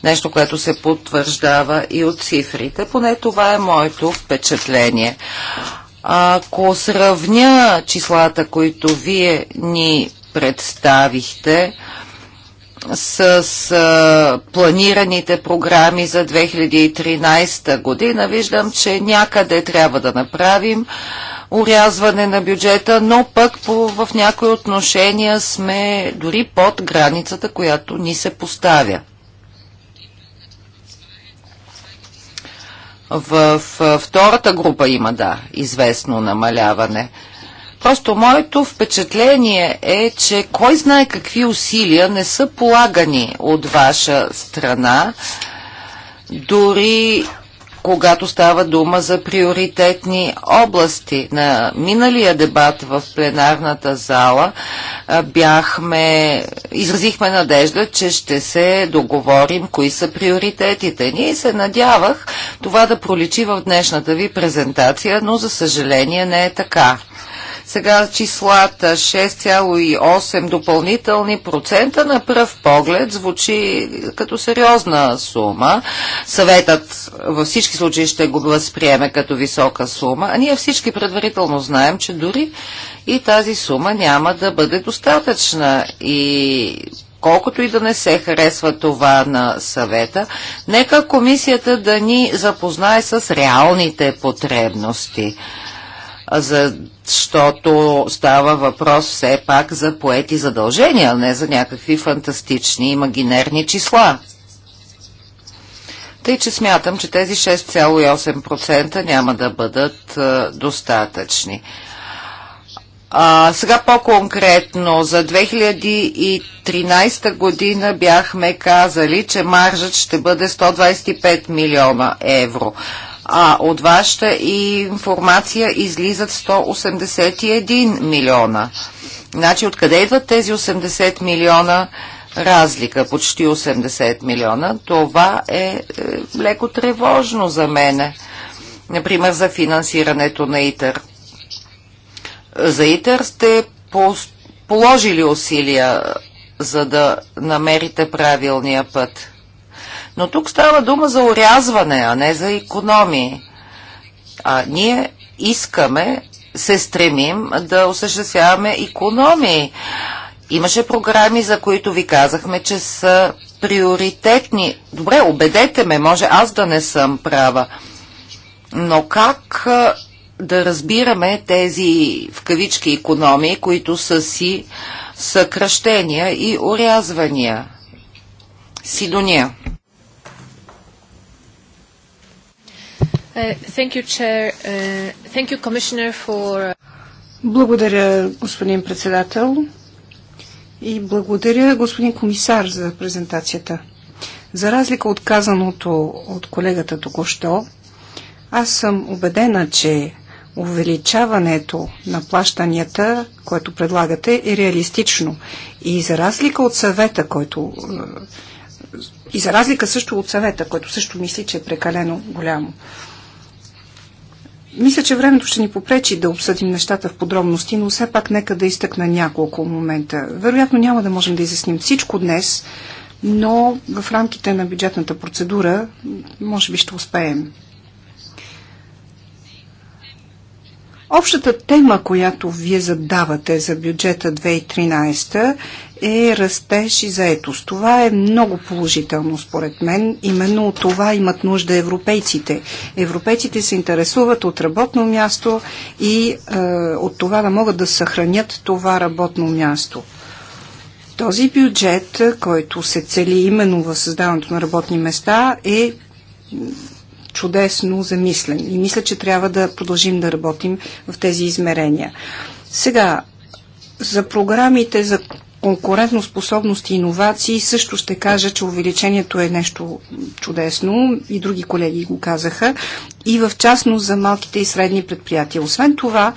нещо, което се потвърждава и от цифрите. Поне това е моето впечатление. Ако сравня числата, които вие ни представихте, с, а, планираните програми за 2013 година, виждам, че някъде трябва да направим урязване на бюджета, но пък по, в някои отношения сме дори под границата, която ни се поставя. В втората група има, да, известно намаляване. Просто моето впечатление е, че кой знае какви усилия не са полагани от ваша страна, дори когато става дума за приоритетни области. На миналия дебат в пленарната зала бяхме, изразихме надежда, че ще се договорим кои са приоритетите Ние се надявах това да проличи в днешната ви презентация, но за съжаление не е така. Сега числата 6,8 допълнителни процента на пръв поглед звучи като сериозна сума. Съветът във всички случаи ще го възприеме като висока сума, а ние всички предварително знаем, че дори и тази сума няма да бъде достатъчна и колкото и да не се харесва това на съвета, нека комисията да ни запознае с реалните потребности защото става въпрос все пак за поети задължения, а не за някакви фантастични и магинерни числа. Тъй, че смятам, че тези 6,8% няма да бъдат а, достатъчни. А, сега по-конкретно, за 2013 година бяхме казали, че маржът ще бъде 125 милиона евро а от вашата информация излизат 181 милиона. Значи откъде идват тези 80 милиона разлика, почти 80 милиона? Това е, е леко тревожно за мене. Например, за финансирането на ИТЕР. За ИТЕР сте положили усилия, за да намерите правилния път. Но тук става дума за урязване, а не за економии. А ние искаме, се стремим да осъществяваме економии. Имаше програми, за които ви казахме, че са приоритетни. Добре, убедете ме, може аз да не съм права. Но как да разбираме тези в кавички економии, които са си съкръщения и урязвания? Сидония. Uh, you, uh, you, for... Uh, благодаря, господин председател. И благодаря, господин комисар, за презентацията. За разлика от казаното от колегата току-що, аз съм убедена, че увеличаването на плащанията, което предлагате, е реалистично. И за разлика от съвета, който е, и за разлика също от съвета, който също мисли, че е прекалено голямо. Мисля, че времето ще ни попречи да обсъдим нещата в подробности, но все пак нека да изтъкна няколко момента. Вероятно няма да можем да изясним всичко днес, но в рамките на бюджетната процедура може би ще успеем. Общата тема, която вие задавате за бюджета 2013 е растеж и заетост. Това е много положително според мен. Именно от това имат нужда европейците. Европейците се интересуват от работно място и е, от това да могат да съхранят това работно място. Този бюджет, който се цели именно в създаването на работни места, е чудесно замислен. И мисля, че трябва да продължим да работим в тези измерения. Сега, за програмите за способност и иновации също ще кажа, че увеличението е нещо чудесно и други колеги го казаха и в частност за малките и средни предприятия. Освен това,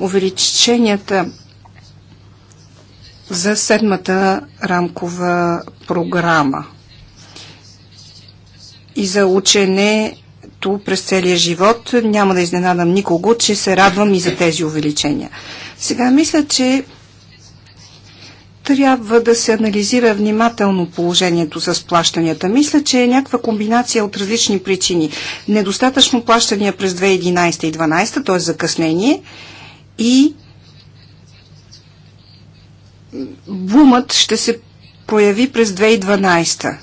увеличенията за седмата рамкова програма и за учене чуването през целия живот. Няма да изненадам никого, че се радвам и за тези увеличения. Сега мисля, че трябва да се анализира внимателно положението с плащанията. Мисля, че е някаква комбинация от различни причини. Недостатъчно плащания през 2011 и 2012, т.е. закъснение и бумът ще се прояви през 2012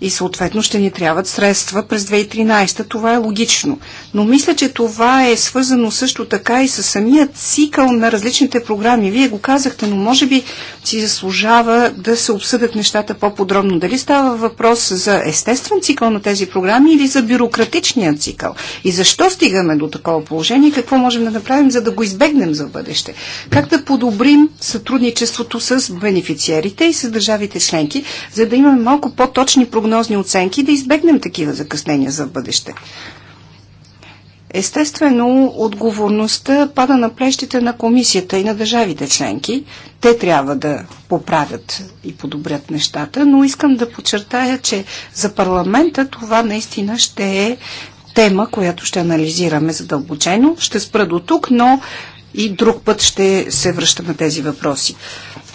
и съответно ще ни трябват средства през 2013. Това е логично. Но мисля, че това е свързано също така и с самия цикъл на различните програми. Вие го казахте, но може би си заслужава да се обсъдят нещата по-подробно. Дали става въпрос за естествен цикъл на тези програми или за бюрократичния цикъл? И защо стигаме до такова положение? Какво можем да направим, за да го избегнем за бъдеще? Как да подобрим сътрудничеството с бенефициерите и с държавите членки, за да имаме малко по-точни прогнози прогнозни оценки да избегнем такива закъснения за бъдеще. Естествено, отговорността пада на плещите на комисията и на държавите членки. Те трябва да поправят и подобрят нещата, но искам да подчертая, че за парламента това наистина ще е тема, която ще анализираме задълбочено. Ще спра до тук, но и друг път ще се връщам на тези въпроси.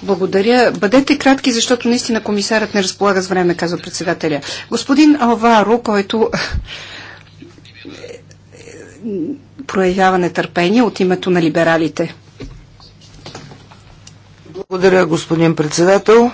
Благодаря. Бъдете кратки, защото наистина комисарът не разполага с време, казва председателя. Господин Алваро, който проявява нетърпение от името на либералите. Благодаря, господин председател.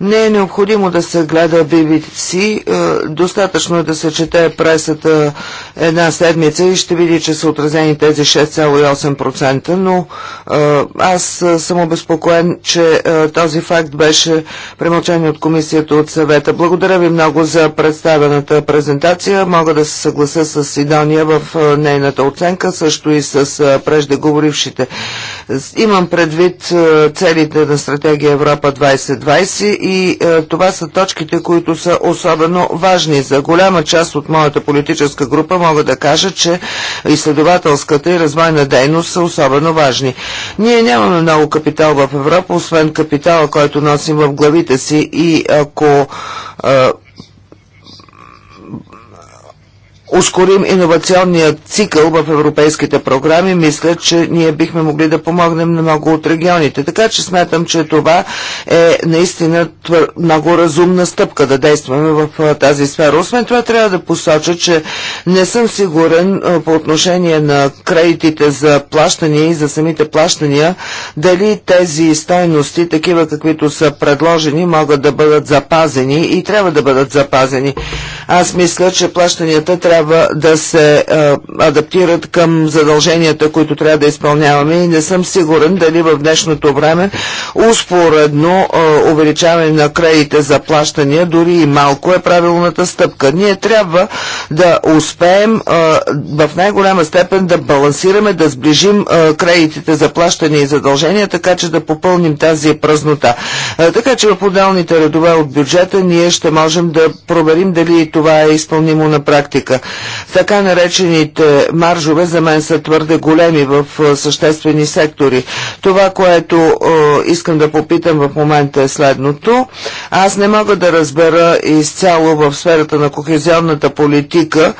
Не е необходимо да се гледа BBC, е, достатъчно е да се чете пресата една седмица и ще види, че са отразени тези 6,8%, но е, аз е, съм обезпокоен, че този факт беше премълчен от комисията от съвета. Благодаря ви много за представената презентация. Мога да се съгласа с Сидония в нейната оценка, също и с преждеговорившите. Имам предвид целите на стратегия Европа 2020 и е, това са точките, които са особено важни. За голяма част от моята политическа група мога да кажа, че изследователската и развойна дейност са особено важни. Ние нямаме много капитал в Европа, освен капитала, който носим в главите си и ако е, ускорим иновационния цикъл в европейските програми, мисля, че ние бихме могли да помогнем на много от регионите. Така че смятам, че това е наистина твър... много разумна стъпка да действаме в тази сфера. Освен това трябва да посоча, че не съм сигурен по отношение на кредитите за плащания и за самите плащания, дали тези стойности, такива каквито са предложени, могат да бъдат запазени и трябва да бъдат запазени. Аз мисля, че плащанията трябва трябва да се а, адаптират към задълженията, които трябва да изпълняваме и не съм сигурен дали в днешното време успоредно а, увеличаване на кредите за плащания, дори и малко е правилната стъпка. Ние трябва да успеем а, в най-голяма степен да балансираме, да сближим а, кредитите за плащания и задължения, така че да попълним тази празнота. А, така че в отделните редове от бюджета ние ще можем да проверим дали това е изпълнимо на практика. Така наречените маржове за мен са твърде големи в съществени сектори. Това, което искам да попитам в момента е следното. Аз не мога да разбера изцяло в сферата на кохезионната политика.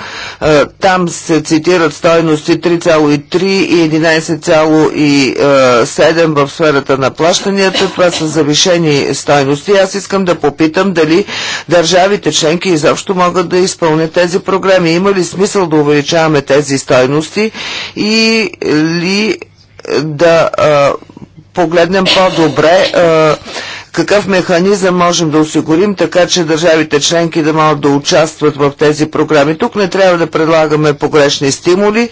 там се цитират стойности 3,3 и 11,7 в сферата на плащанията. Това са завишени стойности. Аз искам да попитам дали държавите членки изобщо могат да изпълнят тези програми има ли смисъл да увеличаваме тези стойности или да а, погледнем по-добре какъв механизъм можем да осигурим, така че държавите членки да могат да участват в тези програми. Тук не трябва да предлагаме погрешни стимули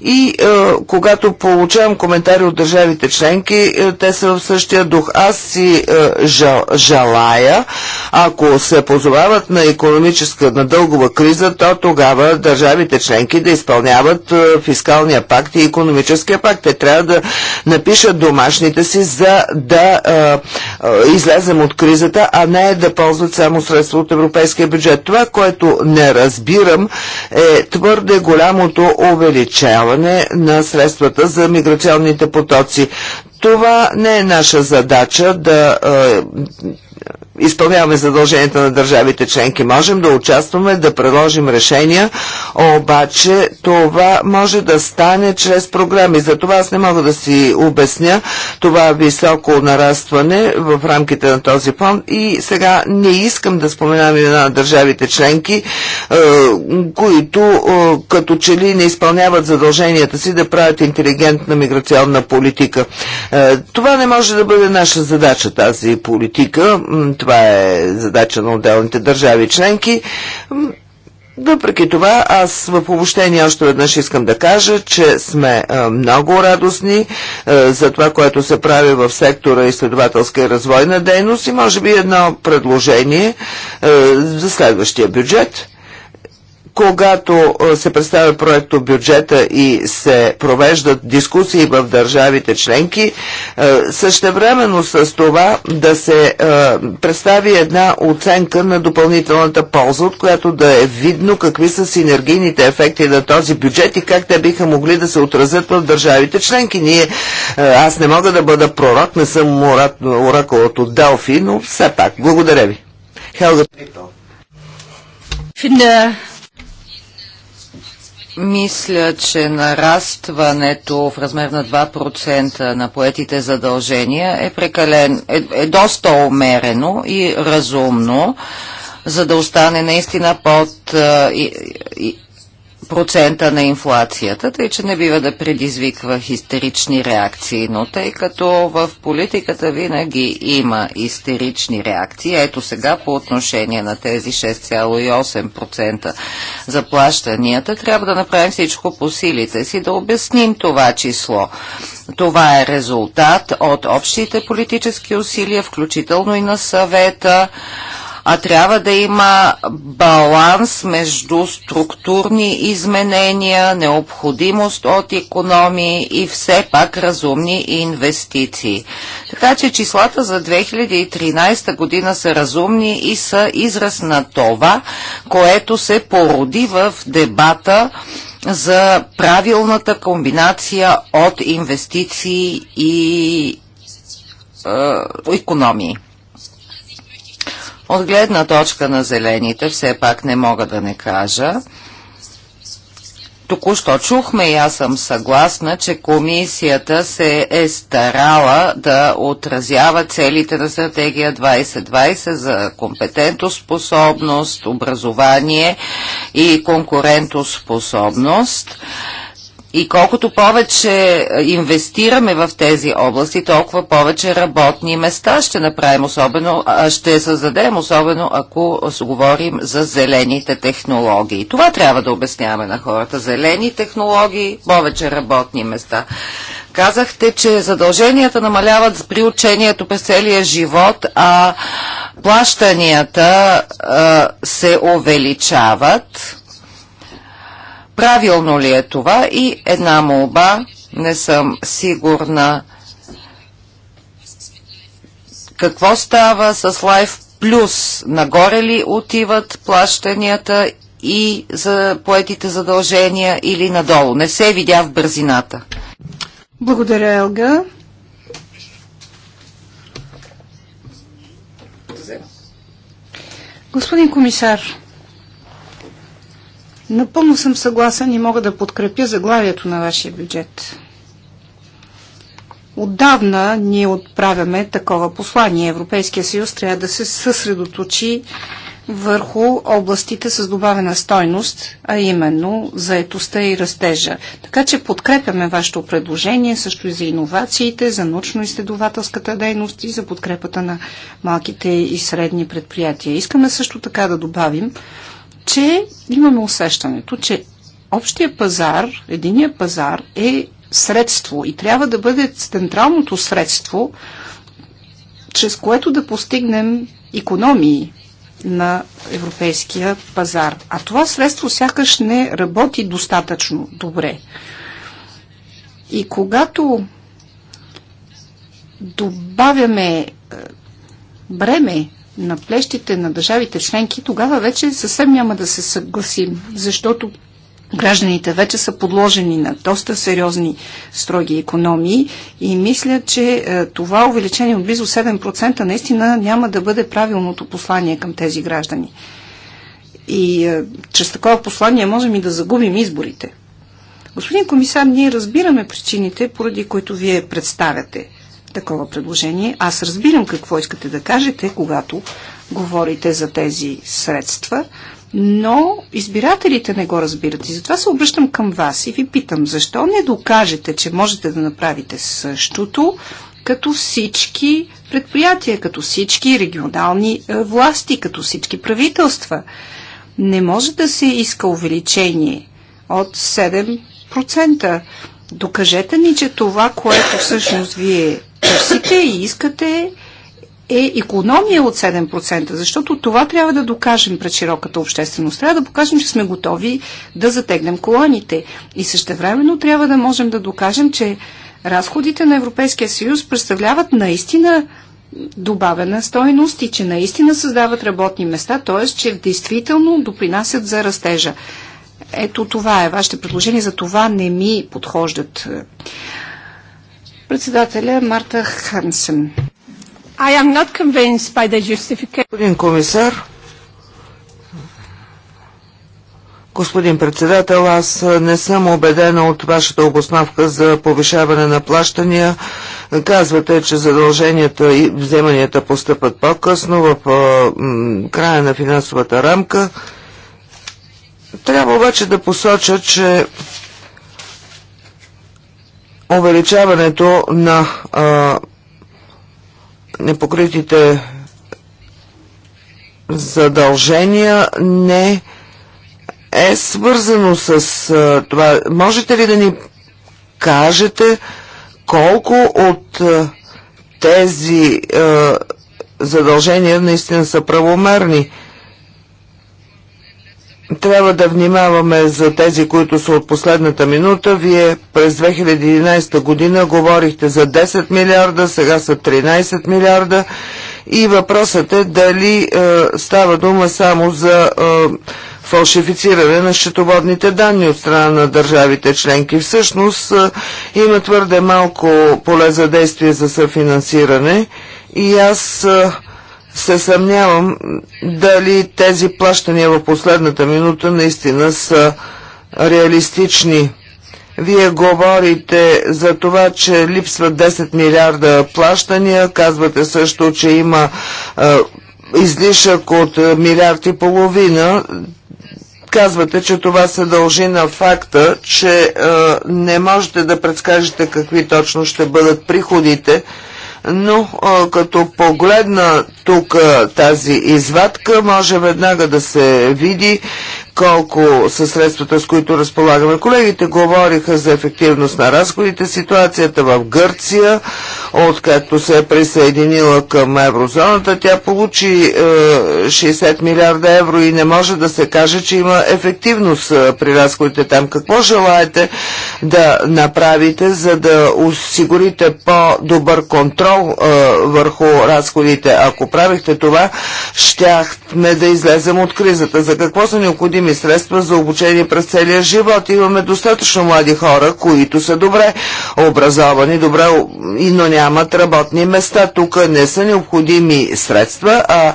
и е, когато получавам коментари от държавите членки, е, те са в същия дух. Аз си е, жал, жалая, ако се позовават на економическа, на дългова криза, то тогава държавите членки да изпълняват е, фискалния пакт и економическия пакт. Те трябва да напишат домашните си, за да е, е, излезем от кризата, а не да ползват само средства от европейския бюджет. Това, което не разбирам, е твърде голямото увеличаване на средствата за миграционните потоци. Това не е наша задача да е, изпълняваме задълженията на държавите членки. Можем да участваме, да предложим решения, обаче това може да стане чрез програми. За това аз не мога да си обясня това високо нарастване в рамките на този фонд и сега не искам да споменам имена на държавите членки, е, които е, като че ли не изпълняват задълженията си да правят интелигентна миграционна политика. Е, това не може да бъде наша задача, тази политика това е задача на отделните държави членки. Въпреки това, аз в обобщение още веднъж искам да кажа, че сме много радостни за това, което се прави в сектора изследователска и развойна дейност и може би едно предложение за следващия бюджет когато се представя проекто бюджета и се провеждат дискусии в държавите членки, същевременно с това да се представи една оценка на допълнителната полза, от която да е видно какви са синергийните ефекти на този бюджет и как те биха могли да се отразят в държавите членки. Ние, аз не мога да бъда пророк, не съм оракълът от Делфи, но все пак. Благодаря ви. Хелга Трител. Мисля, че нарастването в размер на 2% на поетите задължения е, прекален, е, е доста умерено и разумно, за да остане наистина под е, е, процента на инфлацията, тъй че не бива да предизвиква истерични реакции, но тъй като в политиката винаги има истерични реакции, ето сега по отношение на тези 6,8% за плащанията, трябва да направим всичко по силите си, да обясним това число. Това е резултат от общите политически усилия, включително и на съвета, а трябва да има баланс между структурни изменения, необходимост от економии и все пак разумни инвестиции. Така че числата за 2013 година са разумни и са израз на това, което се породи в дебата за правилната комбинация от инвестиции и е, економии. От гледна точка на зелените все пак не мога да не кажа. Току-що чухме и аз съм съгласна, че комисията се е старала да отразява целите на стратегия 2020 за компетентоспособност, образование и конкурентоспособност. способност и колкото повече инвестираме в тези области, толкова повече работни места ще направим, особено, ще създадем, особено ако говорим за зелените технологии. Това трябва да обясняваме на хората. Зелени технологии, повече работни места. Казахте, че задълженията намаляват при учението през целия живот, а плащанията а, се увеличават Правилно ли е това? И една молба, не съм сигурна какво става с Life Plus, нагоре ли отиват плащанията и за поетите задължения или надолу? Не се видя в бързината. Благодаря, Елга. Господин комисар, Напълно съм съгласен и мога да подкрепя заглавието на вашия бюджет. Отдавна ние отправяме такова послание. Европейския съюз трябва да се съсредоточи върху областите с добавена стойност, а именно заетостта и растежа. Така че подкрепяме вашето предложение също и за иновациите, за научно-изследователската дейност и за подкрепата на малките и средни предприятия. Искаме също така да добавим, че имаме усещането, че общия пазар, единия пазар е средство и трябва да бъде централното средство, чрез което да постигнем економии на европейския пазар. А това средство сякаш не работи достатъчно добре. И когато добавяме е, бреме на плещите на държавите членки, тогава вече съвсем няма да се съгласим, защото гражданите вече са подложени на доста сериозни строги економии и мисля, че е, това увеличение от близо 7% наистина няма да бъде правилното послание към тези граждани. И е, чрез такова послание можем и да загубим изборите. Господин комисар, ние разбираме причините, поради които вие представяте такова предложение. Аз разбирам какво искате да кажете, когато говорите за тези средства, но избирателите не го разбират. И затова се обръщам към вас и ви питам, защо не докажете, че можете да направите същото, като всички предприятия, като всички регионални е, власти, като всички правителства. Не може да се иска увеличение от 7%. Докажете ни, че това, което всъщност вие търсите и искате, е економия от 7%, защото това трябва да докажем пред широката общественост. Трябва да покажем, че сме готови да затегнем колоните. И същевременно трябва да можем да докажем, че разходите на Европейския съюз представляват наистина добавена стойност и че наистина създават работни места, т.е. че действително допринасят за растежа. Ето това е вашето предложение. за това не ми подхождат. Председателя Марта Хансен. I am not convinced by the justification. Господин комисар, Господин председател, аз не съм убедена от вашата обосновка за повишаване на плащания. Казвате, че задълженията и вземанията постъпат по-късно в края на финансовата рамка. Трябва обаче да посоча, че увеличаването на а, непокритите задължения не е свързано с а, това. Можете ли да ни кажете колко от а, тези а, задължения наистина са правомерни? А, трябва да внимаваме за тези, които са от последната минута. Вие през 2011 година говорихте за 10 милиарда, сега са 13 милиарда и въпросът е дали е, става дума само за е, фалшифициране на счетоводните данни от страна на държавите членки. Всъщност е, има твърде малко поле за действие за съфинансиране и аз... Е, се съмнявам дали тези плащания в последната минута наистина са реалистични. Вие говорите за това, че липсват 10 милиарда плащания, казвате също, че има а, излишък от милиард и половина. Казвате, че това се дължи на факта, че а, не можете да предскажете какви точно ще бъдат приходите но а, като погледна тук а, тази извадка, може веднага да се види колко са средствата, с които разполагаме. Колегите говориха за ефективност на разходите, ситуацията в Гърция, откакто се е присъединила към еврозоната, тя получи е, 60 милиарда евро и не може да се каже, че има ефективност е, при разходите там. Какво желаете да направите, за да осигурите по-добър контрол е, върху разходите? Ако правихте това, щяхме да излезем от кризата. За какво са необходими необходими средства за обучение през целия живот. Имаме достатъчно млади хора, които са добре образовани, добре, но нямат работни места. Тук не са необходими средства, а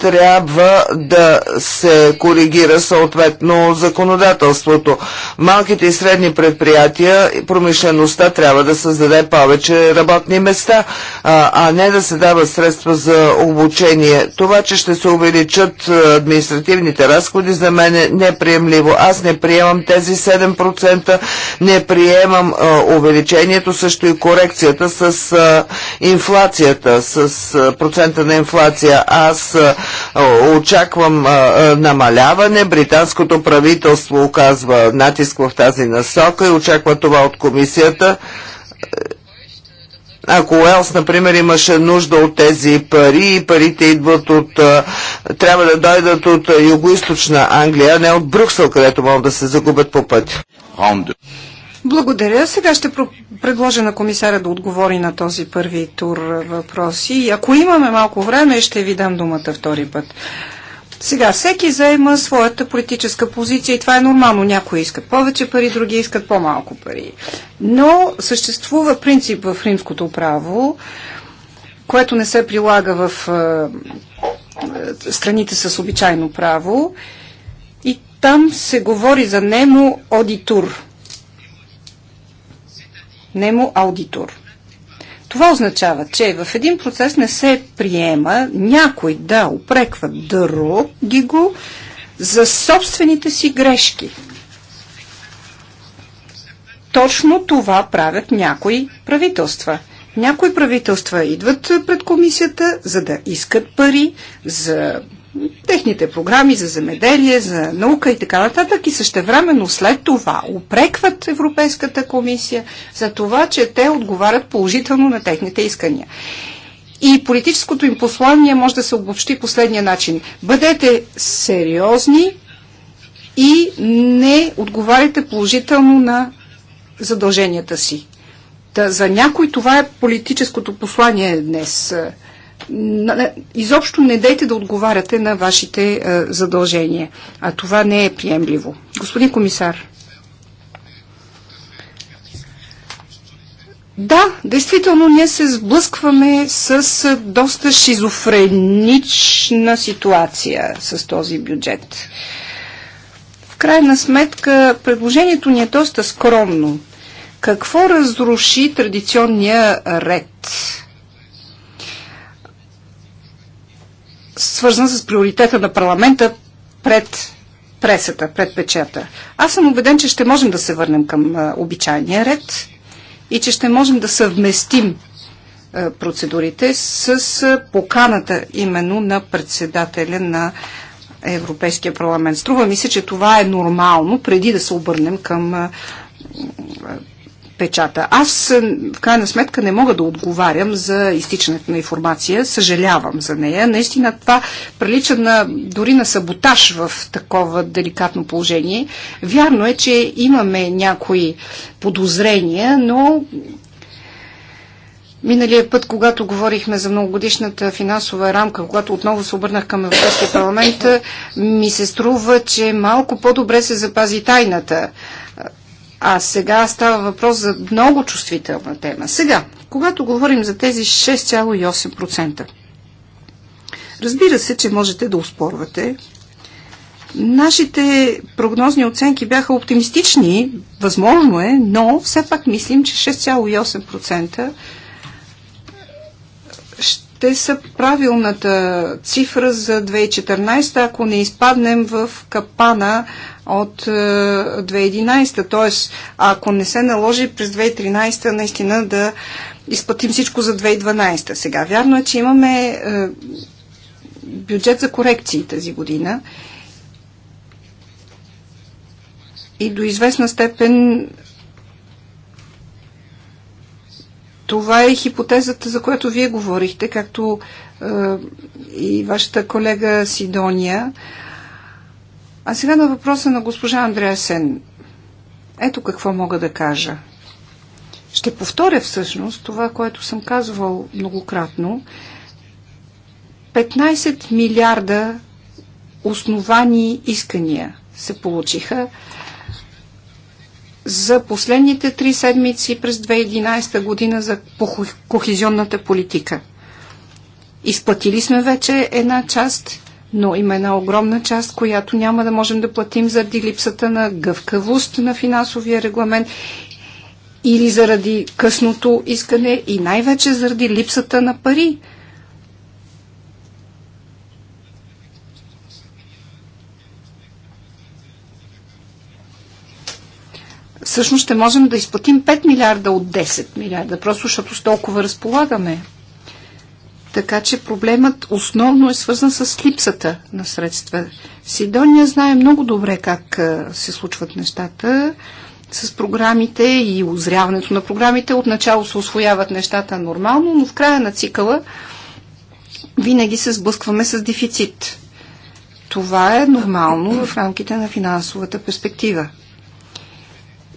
трябва да се коригира съответно законодателството. Малките и средни предприятия, промишлеността трябва да създаде повече работни места, а, а не да се дава средства за обучение. Това, че ще се увеличат административните разходи, за мен е неприемливо. Аз не приемам тези 7%, не приемам а, увеличението, също и корекцията с а, инфлацията, с а, процента на инфлация. Аз а, очаквам намаляване. Британското правителство оказва натиск в тази насока и очаква това от комисията. Ако Уелс, например, имаше нужда от тези пари и парите идват от, трябва да дойдат от юго Англия, не от Брюксел, където могат да се загубят по пътя. Благодаря. Сега ще предложа на комисаря да отговори на този първи тур въпроси. И ако имаме малко време, ще ви дам думата втори път. Сега, всеки заема своята политическа позиция и това е нормално. Някои искат повече пари, други искат по-малко пари. Но съществува принцип в римското право, което не се прилага в е, е, страните с обичайно право. И там се говори за немо одитур немо аудитор. Това означава, че в един процес не се приема някой да опреква други го за собствените си грешки. Точно това правят някои правителства. Някои правителства идват пред комисията, за да искат пари за техните програми за земеделие, за наука и така нататък и същевременно след това упрекват Европейската комисия за това, че те отговарят положително на техните искания. И политическото им послание може да се обобщи последния начин. Бъдете сериозни и не отговаряйте положително на задълженията си. Та, за някой това е политическото послание днес изобщо не дайте да отговаряте на вашите е, задължения. А това не е приемливо. Господин комисар. Да, действително ние се сблъскваме с е, доста шизофренична ситуация с този бюджет. В крайна сметка предложението ни е доста скромно. Какво разруши традиционния ред? свързан с приоритета на парламента пред пресата, пред печата. Аз съм убеден, че ще можем да се върнем към а, обичайния ред и че ще можем да съвместим а, процедурите с а, поканата именно на председателя на Европейския парламент. Струва ми се, че това е нормално преди да се обърнем към печата. Аз в крайна сметка не мога да отговарям за изтичането на информация. Съжалявам за нея. Наистина това прилича на, дори на саботаж в такова деликатно положение. Вярно е, че имаме някои подозрения, но Миналия път, когато говорихме за многогодишната финансова рамка, когато отново се обърнах към Европейския парламент, ми се струва, че малко по-добре се запази тайната. А сега става въпрос за много чувствителна тема. Сега, когато говорим за тези 6,8%, разбира се, че можете да успорвате. Нашите прогнозни оценки бяха оптимистични, възможно е, но все пак мислим, че 6,8% те са правилната цифра за 2014, ако не изпаднем в капана от 2011. Е, т.е. ако не се наложи през 2013 наистина да изплатим всичко за 2012. Сега, вярно е, че имаме е, бюджет за корекции тази година и до известна степен Това е хипотезата, за която вие говорихте, както е, и вашата колега Сидония. А сега на въпроса на госпожа Андрея Сен, Ето какво мога да кажа. Ще повторя всъщност това, което съм казвал многократно. 15 милиарда основани искания се получиха за последните три седмици през 2011 година за кохезионната политика. Изплатили сме вече една част, но има една огромна част, която няма да можем да платим заради липсата на гъвкавост на финансовия регламент или заради късното искане и най-вече заради липсата на пари всъщност ще можем да изплатим 5 милиарда от 10 милиарда, просто защото с толкова разполагаме. Така че проблемът основно е свързан с липсата на средства. Сидония знае много добре как се случват нещата с програмите и озряването на програмите. Отначало се освояват нещата нормално, но в края на цикъла винаги се сблъскваме с дефицит. Това е нормално в рамките на финансовата перспектива.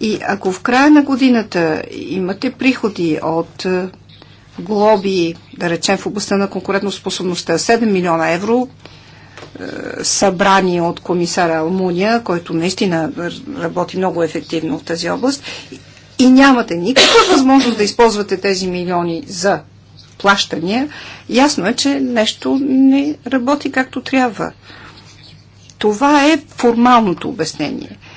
И ако в края на годината имате приходи от е, глоби, да речем в областта на конкурентоспособността, 7 милиона евро, е, събрани от комисара Алмуния, който наистина работи много ефективно в тази област, и нямате никаква възможност да използвате тези милиони за плащания, ясно е, че нещо не работи както трябва. Това е формалното обяснение –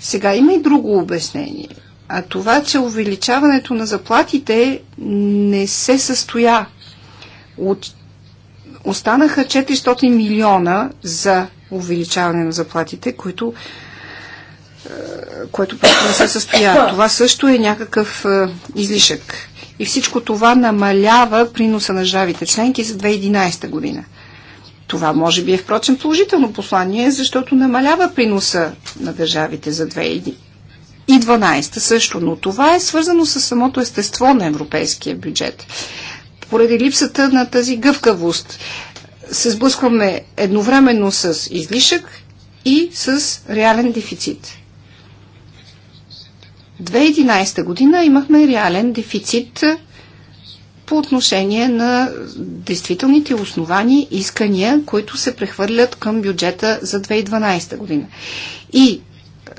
сега има и друго обяснение. А това, че увеличаването на заплатите не се състоя. От... Останаха 400 милиона за увеличаване на заплатите, които е, което просто не се състоя. Това също е някакъв е, излишък. И всичко това намалява приноса на жавите членки за 2011 година. Това може би е впрочем положително послание, защото намалява приноса на държавите за 2012 също, но това е свързано с самото естество на европейския бюджет. Поради липсата на тази гъвкавост се сблъскваме едновременно с излишък и с реален дефицит. 2011 година имахме реален дефицит по отношение на действителните основани искания, които се прехвърлят към бюджета за 2012 година. И е,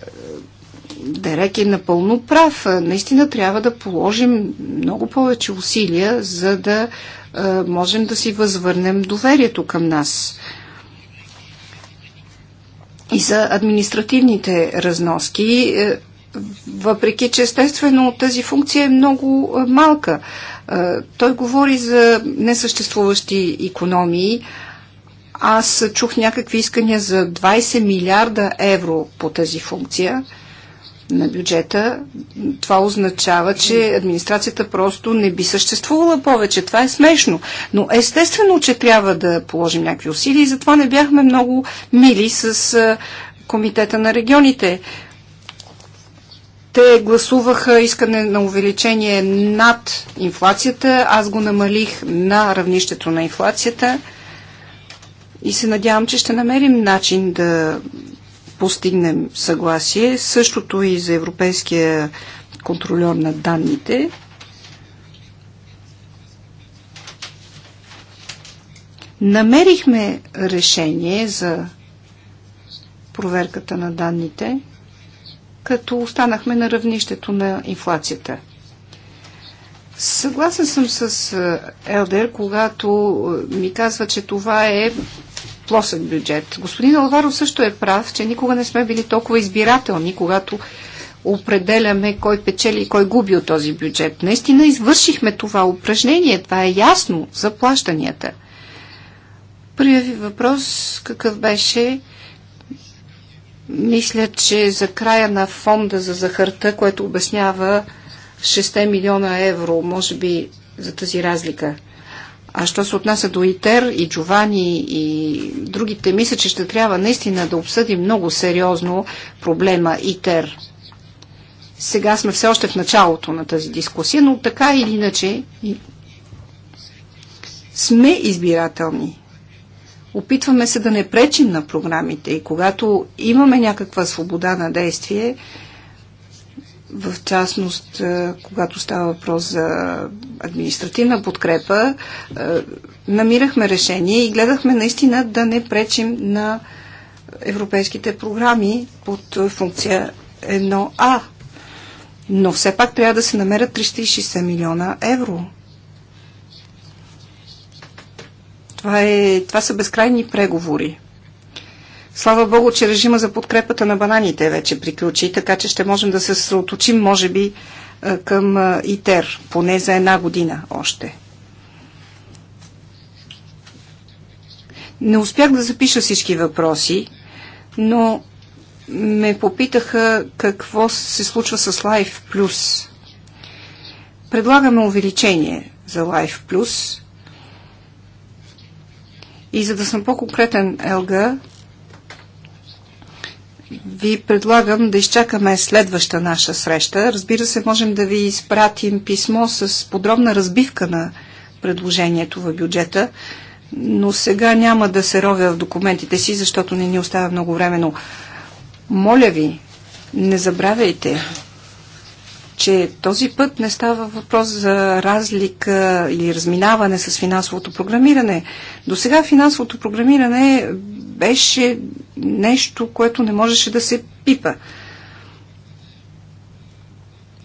Дерек е напълно прав. Наистина трябва да положим много повече усилия, за да е, можем да си възвърнем доверието към нас. И за административните разноски, е, въпреки че естествено тази функция е много малка. Е, той говори за несъществуващи економии. Аз чух някакви искания за 20 милиарда евро по тази функция на бюджета. Това означава, че администрацията просто не би съществувала повече. Това е смешно. Но естествено, че трябва да положим някакви усилия и затова не бяхме много мили с е, Комитета на регионите те гласуваха искане на увеличение над инфлацията. Аз го намалих на равнището на инфлацията и се надявам, че ще намерим начин да постигнем съгласие. Същото и за Европейския контролер на данните. Намерихме решение за проверката на данните – като останахме на равнището на инфлацията. Съгласен съм с е, Елдер, когато е, ми казва, че това е плосък бюджет. Господин Алваро също е прав, че никога не сме били толкова избирателни, когато определяме кой печели и кой губи от този бюджет. Наистина извършихме това упражнение, това е ясно за плащанията. Първият ви въпрос какъв беше? Мисля, че за края на фонда за захарта, което обяснява 6 милиона евро, може би за тази разлика. А що се отнася до Итер и Джовани и другите, мисля, че ще трябва наистина да обсъдим много сериозно проблема Итер. Сега сме все още в началото на тази дискусия, но така или иначе сме избирателни. Опитваме се да не пречим на програмите и когато имаме някаква свобода на действие, в частност, е, когато става въпрос за административна подкрепа, е, намирахме решение и гледахме наистина да не пречим на европейските програми под функция 1А. Но все пак трябва да се намерят 360 милиона евро. Това, е, това са безкрайни преговори. Слава Богу, че режима за подкрепата на бананите е вече приключи, така че ще можем да се съоточим може би, към ИТЕР, поне за една година още. Не успях да запиша всички въпроси, но ме попитаха какво се случва с Life Plus. Предлагаме увеличение за Life Plus и за да съм по-конкретен, Елга, ви предлагам да изчакаме следваща наша среща. Разбира се, можем да ви изпратим писмо с подробна разбивка на предложението в бюджета, но сега няма да се ровя в документите си, защото не ни оставя много време. Но моля ви, не забравяйте, че този път не става въпрос за разлика или разминаване с финансовото програмиране. До сега финансовото програмиране беше нещо, което не можеше да се пипа.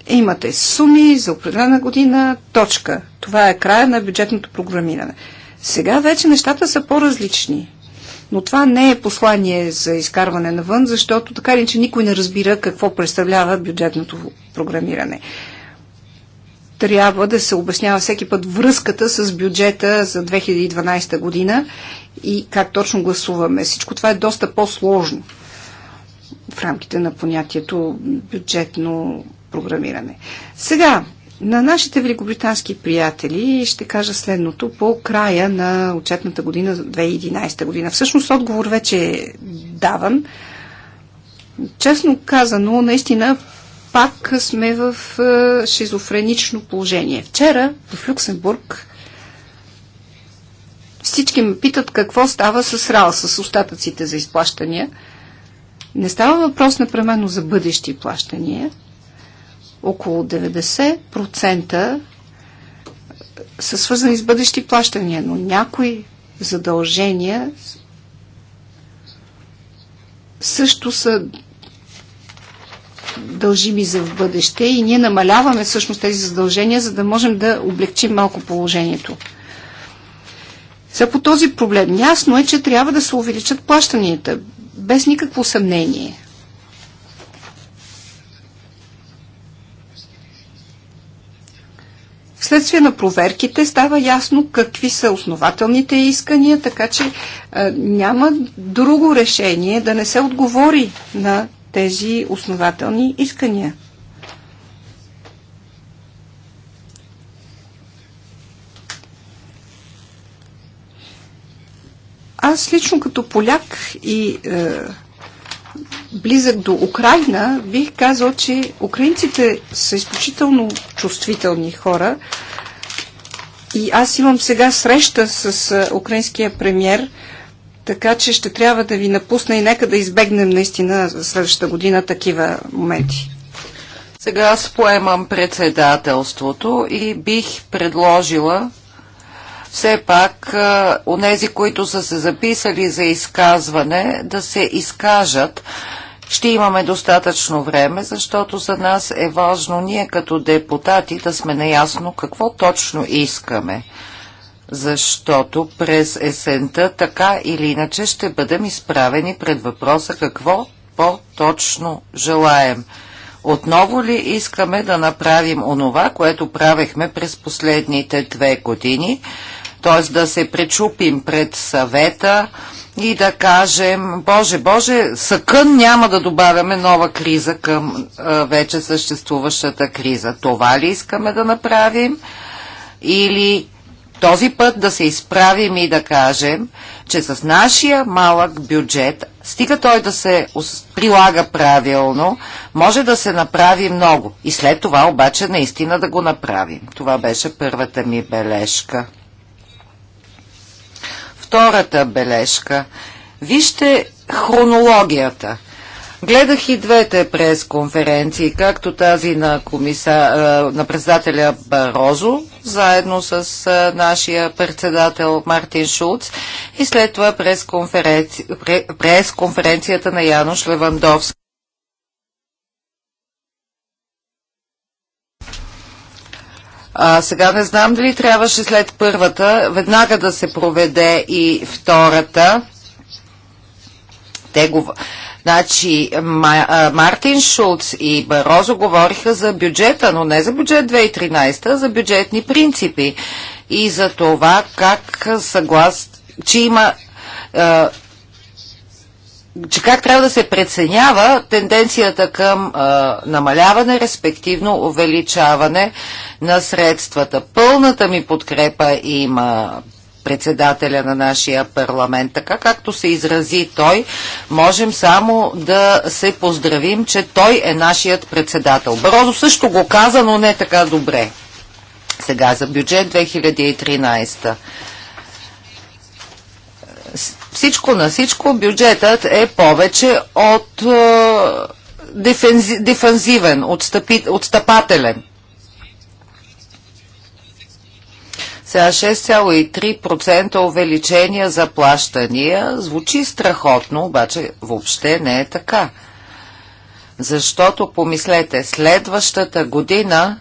Имате суми за определена година, точка. Това е края на бюджетното програмиране. Сега вече нещата са по-различни. Но това не е послание за изкарване навън, защото така ли, че никой не разбира какво представлява бюджетното програмиране. Трябва да се обяснява всеки път връзката с бюджета за 2012 година и как точно гласуваме. Всичко това е доста по-сложно в рамките на понятието бюджетно програмиране. Сега, на нашите великобритански приятели ще кажа следното по края на отчетната година 2011 година. Всъщност отговор вече е даван. Честно казано, наистина пак сме в е, шизофренично положение. Вчера в Люксембург всички ме питат какво става с РАЛ, с остатъците за изплащания. Не става въпрос непременно за бъдещи плащания – около 90% са свързани с бъдещи плащания, но някои задължения също са дължими за в бъдеще и ние намаляваме всъщност тези задължения, за да можем да облегчим малко положението. Сега по този проблем ясно е, че трябва да се увеличат плащанията, без никакво съмнение. Вследствие на проверките става ясно какви са основателните искания, така че а, няма друго решение да не се отговори на тези основателни искания. Аз лично като поляк и е, близък до Украина, бих казал, че украинците са изключително чувствителни хора. И аз имам сега среща с украинския премьер, така че ще трябва да ви напусна и нека да избегнем наистина следващата година такива моменти. Сега аз поемам председателството и бих предложила все пак онези, които са се записали за изказване, да се изкажат, ще имаме достатъчно време, защото за нас е важно ние като депутати да сме наясно какво точно искаме. Защото през есента така или иначе ще бъдем изправени пред въпроса какво по-точно желаем. Отново ли искаме да направим онова, което правехме през последните две години, т.е. да се пречупим пред съвета, и да кажем, Боже, Боже, съкън няма да добавяме нова криза към а, е, вече съществуващата криза. Това ли искаме да направим? Или този път да се изправим и да кажем, че с нашия малък бюджет, стига той да се прилага правилно, може да се направи много. И след това обаче наистина да го направим. Това беше първата ми бележка втората бележка. Вижте хронологията. Гледах и двете прес-конференции, както тази на, комиса, на председателя Барозо, заедно с нашия председател Мартин Шулц и след това прес-конференцията прес на Януш Левандовски. А, сега не знам дали трябваше след първата веднага да се проведе и втората. Те го... Значи, Мартин Шулц и Барозо говориха за бюджета, но не за бюджет 2013, а за бюджетни принципи и за това как съглас, че има че как трябва да се преценява тенденцията към а, намаляване, респективно увеличаване на средствата. Пълната ми подкрепа има председателя на нашия парламент. Така както се изрази той, можем само да се поздравим, че той е нашият председател. Барозо също го каза, но не така добре. Сега за бюджет 2013 всичко на всичко бюджетът е повече от е, дефензи, дефензивен, отстъпи, отстъпателен. Сега 6,3% увеличение за плащания звучи страхотно, обаче въобще не е така. Защото, помислете, следващата година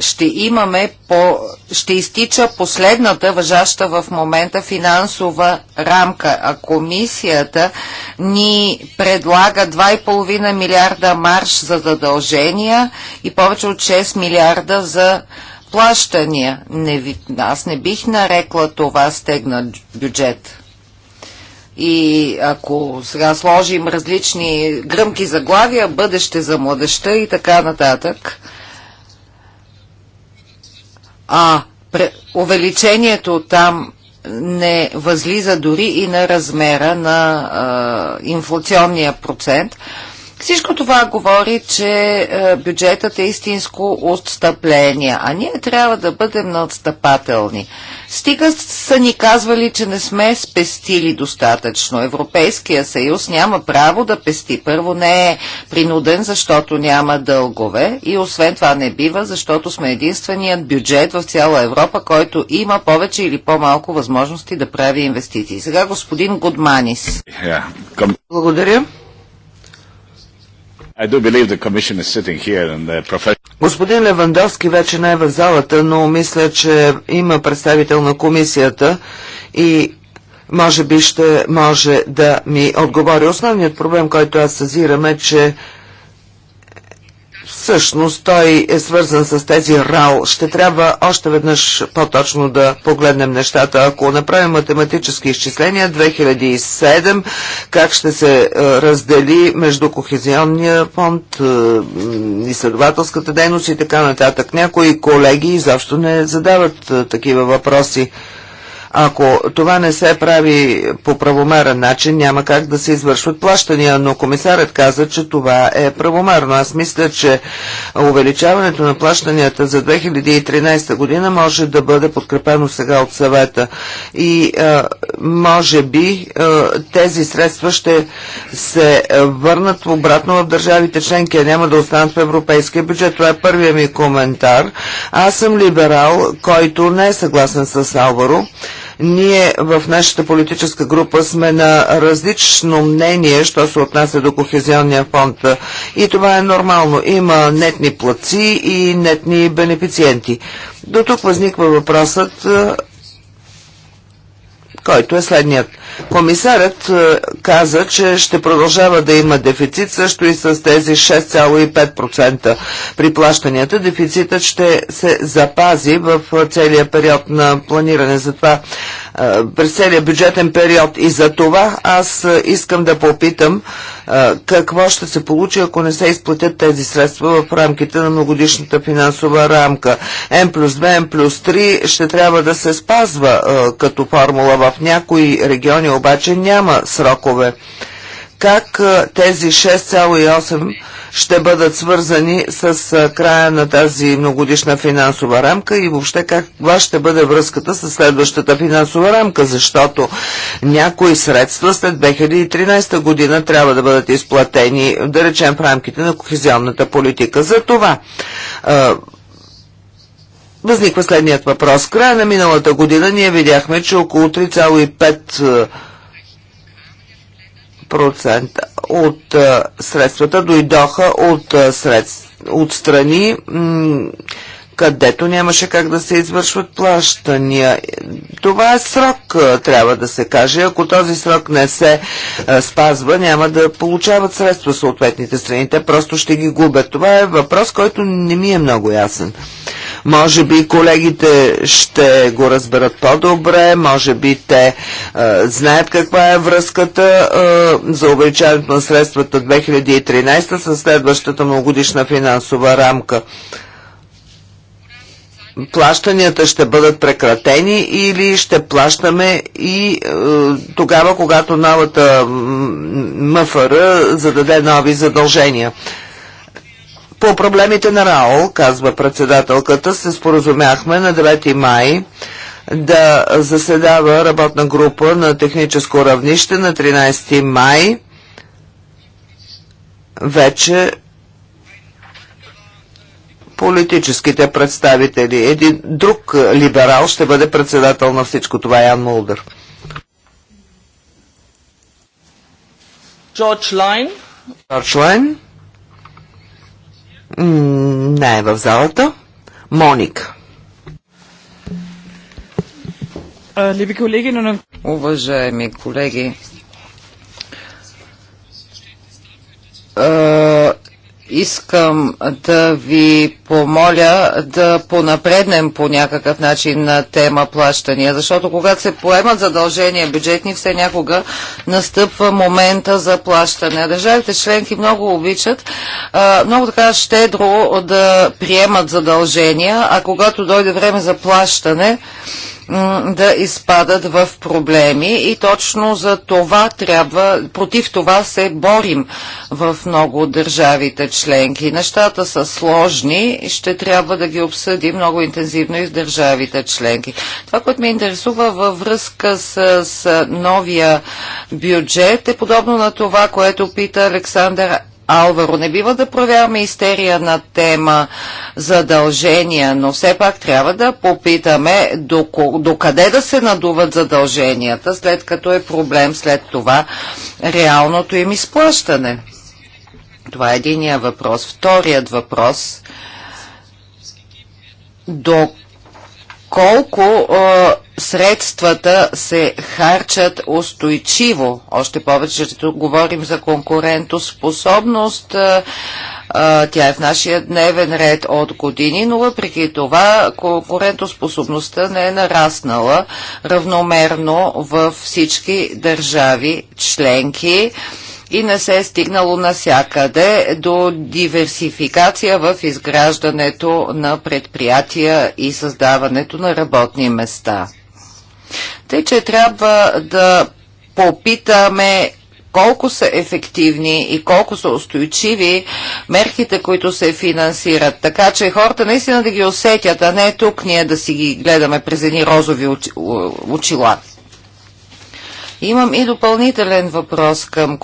ще имаме по, ще изтича последната въжаща в момента финансова рамка, а комисията ни предлага 2,5 милиарда марш за задължения и повече от 6 милиарда за плащания. Не, аз не бих нарекла това стегнат бюджет. И ако сега сложим различни гръмки заглавия, бъдеще за младеща и така нататък, а увеличението там не възлиза дори и на размера на а, инфлационния процент, всичко това говори, че е, бюджетът е истинско отстъпление, а ние трябва да бъдем на отстъпателни. Стига са ни казвали, че не сме спестили достатъчно. Европейския съюз няма право да пести. Първо не е принуден, защото няма дългове и освен това не бива, защото сме единственият бюджет в цяла Европа, който има повече или по-малко възможности да прави инвестиции. Сега господин Гудманис. Е, е, Благодаря. Господин Левандовски вече не е в залата, но мисля, че има представител на комисията и може би ще може да ми отговори. Основният проблем, който аз съзирам е, че Всъщност той е свързан с тези РАО. Ще трябва още веднъж по-точно да погледнем нещата. Ако направим математически изчисления, 2007 как ще се е, раздели между Кохезионния фонд, е, изследователската дейност и така нататък. Някои колеги изобщо не задават е, такива въпроси. Ако това не се прави по правомерен начин, няма как да се извършват плащания, но комисарят каза, че това е правомерно. Аз мисля, че увеличаването на плащанията за 2013 година може да бъде подкрепено сега от съвета и а, може би а, тези средства ще се върнат обратно в държавите членки, а няма да останат в европейския бюджет. Това е първия ми коментар. Аз съм либерал, който не е съгласен с Алваро. Ние в нашата политическа група сме на различно мнение, що се отнася до Кохезионния фонд. И това е нормално. Има нетни плаци и нетни бенефициенти. До тук възниква въпросът който е следният. Комисарът е, каза, че ще продължава да има дефицит също и с тези 6,5% при плащанията. Дефицитът ще се запази в е, целия период на планиране. Затова е, през целия бюджетен период и за това аз искам да попитам какво ще се получи, ако не се изплатят тези средства в рамките на многодишната финансова рамка. М плюс 2, М плюс 3 ще трябва да се спазва като формула. В някои региони обаче няма срокове как тези 6,8 ще бъдат свързани с края на тази многодишна финансова рамка и въобще каква ще бъде връзката с следващата финансова рамка, защото някои средства след 2013 година трябва да бъдат изплатени, да речем, в рамките на кохезионната политика. За това възниква следният въпрос. Края на миналата година ние видяхме, че около 3,5 10% от средствата дойдоха от, средств, от страни, където нямаше как да се извършват плащания. Това е срок, трябва да се каже. Ако този срок не се спазва, няма да получават средства съответните страни. Те просто ще ги губят. Това е въпрос, който не ми е много ясен. Може би колегите ще го разберат по-добре, може би те е, знаят каква е връзката е, за увеличаването на средствата 2013 с следващата многогодишна финансова рамка плащанията ще бъдат прекратени или ще плащаме и е, тогава, когато новата МФР зададе нови задължения. По проблемите на РАО, казва председателката, се споразумяхме на 9 май да заседава работна група на техническо равнище на 13 май. Вече политическите представители. Един друг либерал ще бъде председател на всичко това, е Ян Мулдър. Джордж Лайн. Джордж Лайн. Не е в залата. Моник. Либи колеги, но... Уважаеми колеги, Искам да ви помоля да понапреднем по някакъв начин на тема плащания, защото когато се поемат задължения бюджетни, все някога настъпва момента за плащане. Държавите членки много обичат, много така щедро да приемат задължения, а когато дойде време за плащане, да изпадат в проблеми и точно за това трябва, против това се борим в много от държавите членки. Нещата са сложни, и ще трябва да ги обсъдим много интензивно и в държавите членки. Това, което ме интересува във връзка с, с новия бюджет е подобно на това, което пита Александър Алваро, не бива да проявяваме истерия на тема задължения, но все пак трябва да попитаме докъде до да се надуват задълженията, след като е проблем след това реалното им изплащане. Това е единия въпрос. Вторият въпрос – до колко а, средствата се харчат устойчиво. Още повече, че тук говорим за конкурентоспособност. А, а, тя е в нашия дневен ред от години, но въпреки това конкурентоспособността не е нараснала равномерно във всички държави членки. А, и не се е стигнало насякъде до диверсификация в изграждането на предприятия и създаването на работни места. Тъй, че трябва да попитаме колко са ефективни и колко са устойчиви мерките, които се финансират. Така че хората наистина да ги усетят, а не тук ние да си ги гледаме през едни розови очила. Уч... Имам и допълнителен въпрос към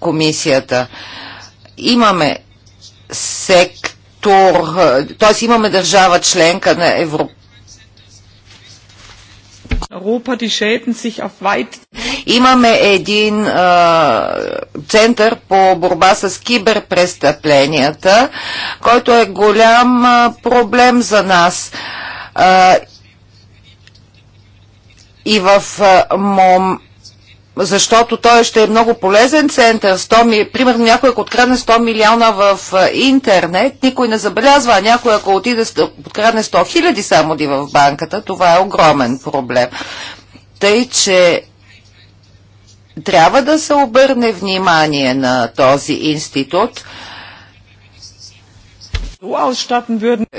комисията. Имаме сектор, т.е. имаме държава членка на Европа, Europa, die Schäden sich auf weit. Имаме един а, център по борба с киберпрестъпленията, който е голям а, проблем за нас. А, и в а, защото той ще е много полезен център. 100, примерно някой ако открадне 100 милиона в интернет, никой не забелязва, а някой ако отиде открадне 100 хиляди само ди в банката, това е огромен проблем. Тъй, че трябва да се обърне внимание на този институт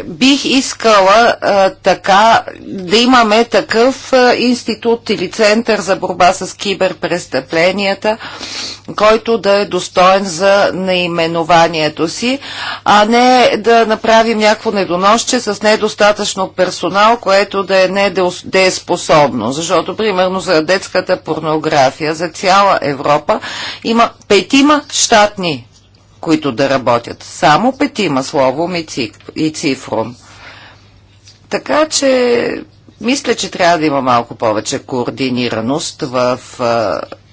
Бих искала а, така да имаме такъв а, институт или център за борба с киберпрестъпленията, който да е достоен за наименованието си, а не да направим някакво недоносче с недостатъчно персонал, което да е недееспособно. Защото, примерно, за детската порнография за цяла Европа има петима щатни които да работят. Само петима словом и цифром. Така че мисля, че трябва да има малко повече координираност в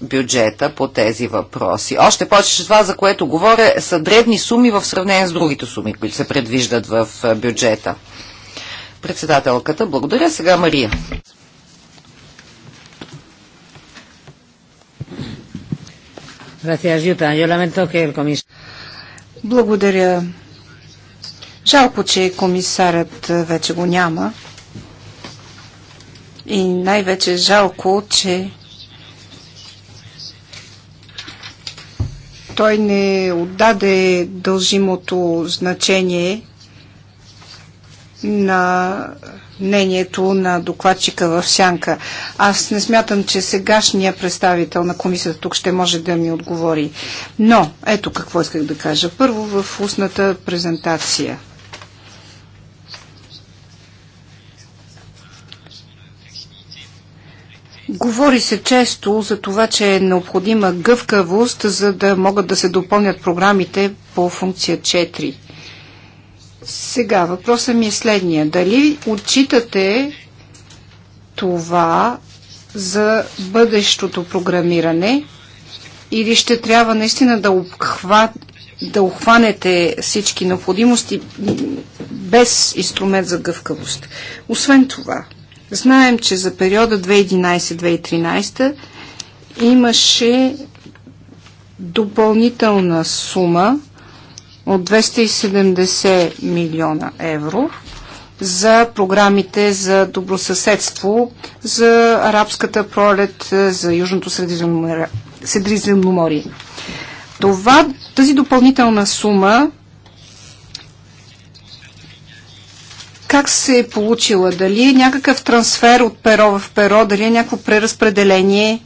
бюджета по тези въпроси. Още повече, че това, за което говоря, са дребни суми в сравнение с другите суми, които се предвиждат в бюджета. Председателката, благодаря. Сега Мария. Gracias, Yuta. Yo lamento que el comisario. Благодаря. Жалко, че комисарят е, вече го няма. И най-вече жалко, че той не отдаде дължимото значение на мнението на докладчика в Сянка. Аз не смятам, че сегашният представител на комисията тук ще може да ми отговори. Но, ето какво исках да кажа. Първо в устната презентация. Говори се често за това, че е необходима гъвкавост, за да могат да се допълнят програмите по функция 4. Сега въпросът ми е следния. Дали отчитате това за бъдещото програмиране или ще трябва наистина да, обхват, да обхванете всички необходимости без инструмент за гъвкавост? Освен това, знаем, че за периода 2011-2013 имаше допълнителна сума, от 270 милиона евро за програмите за добросъседство, за арабската пролет, за Южното Средиземноморие. Това, тази допълнителна сума как се е получила? Дали е някакъв трансфер от перо в перо, дали е някакво преразпределение?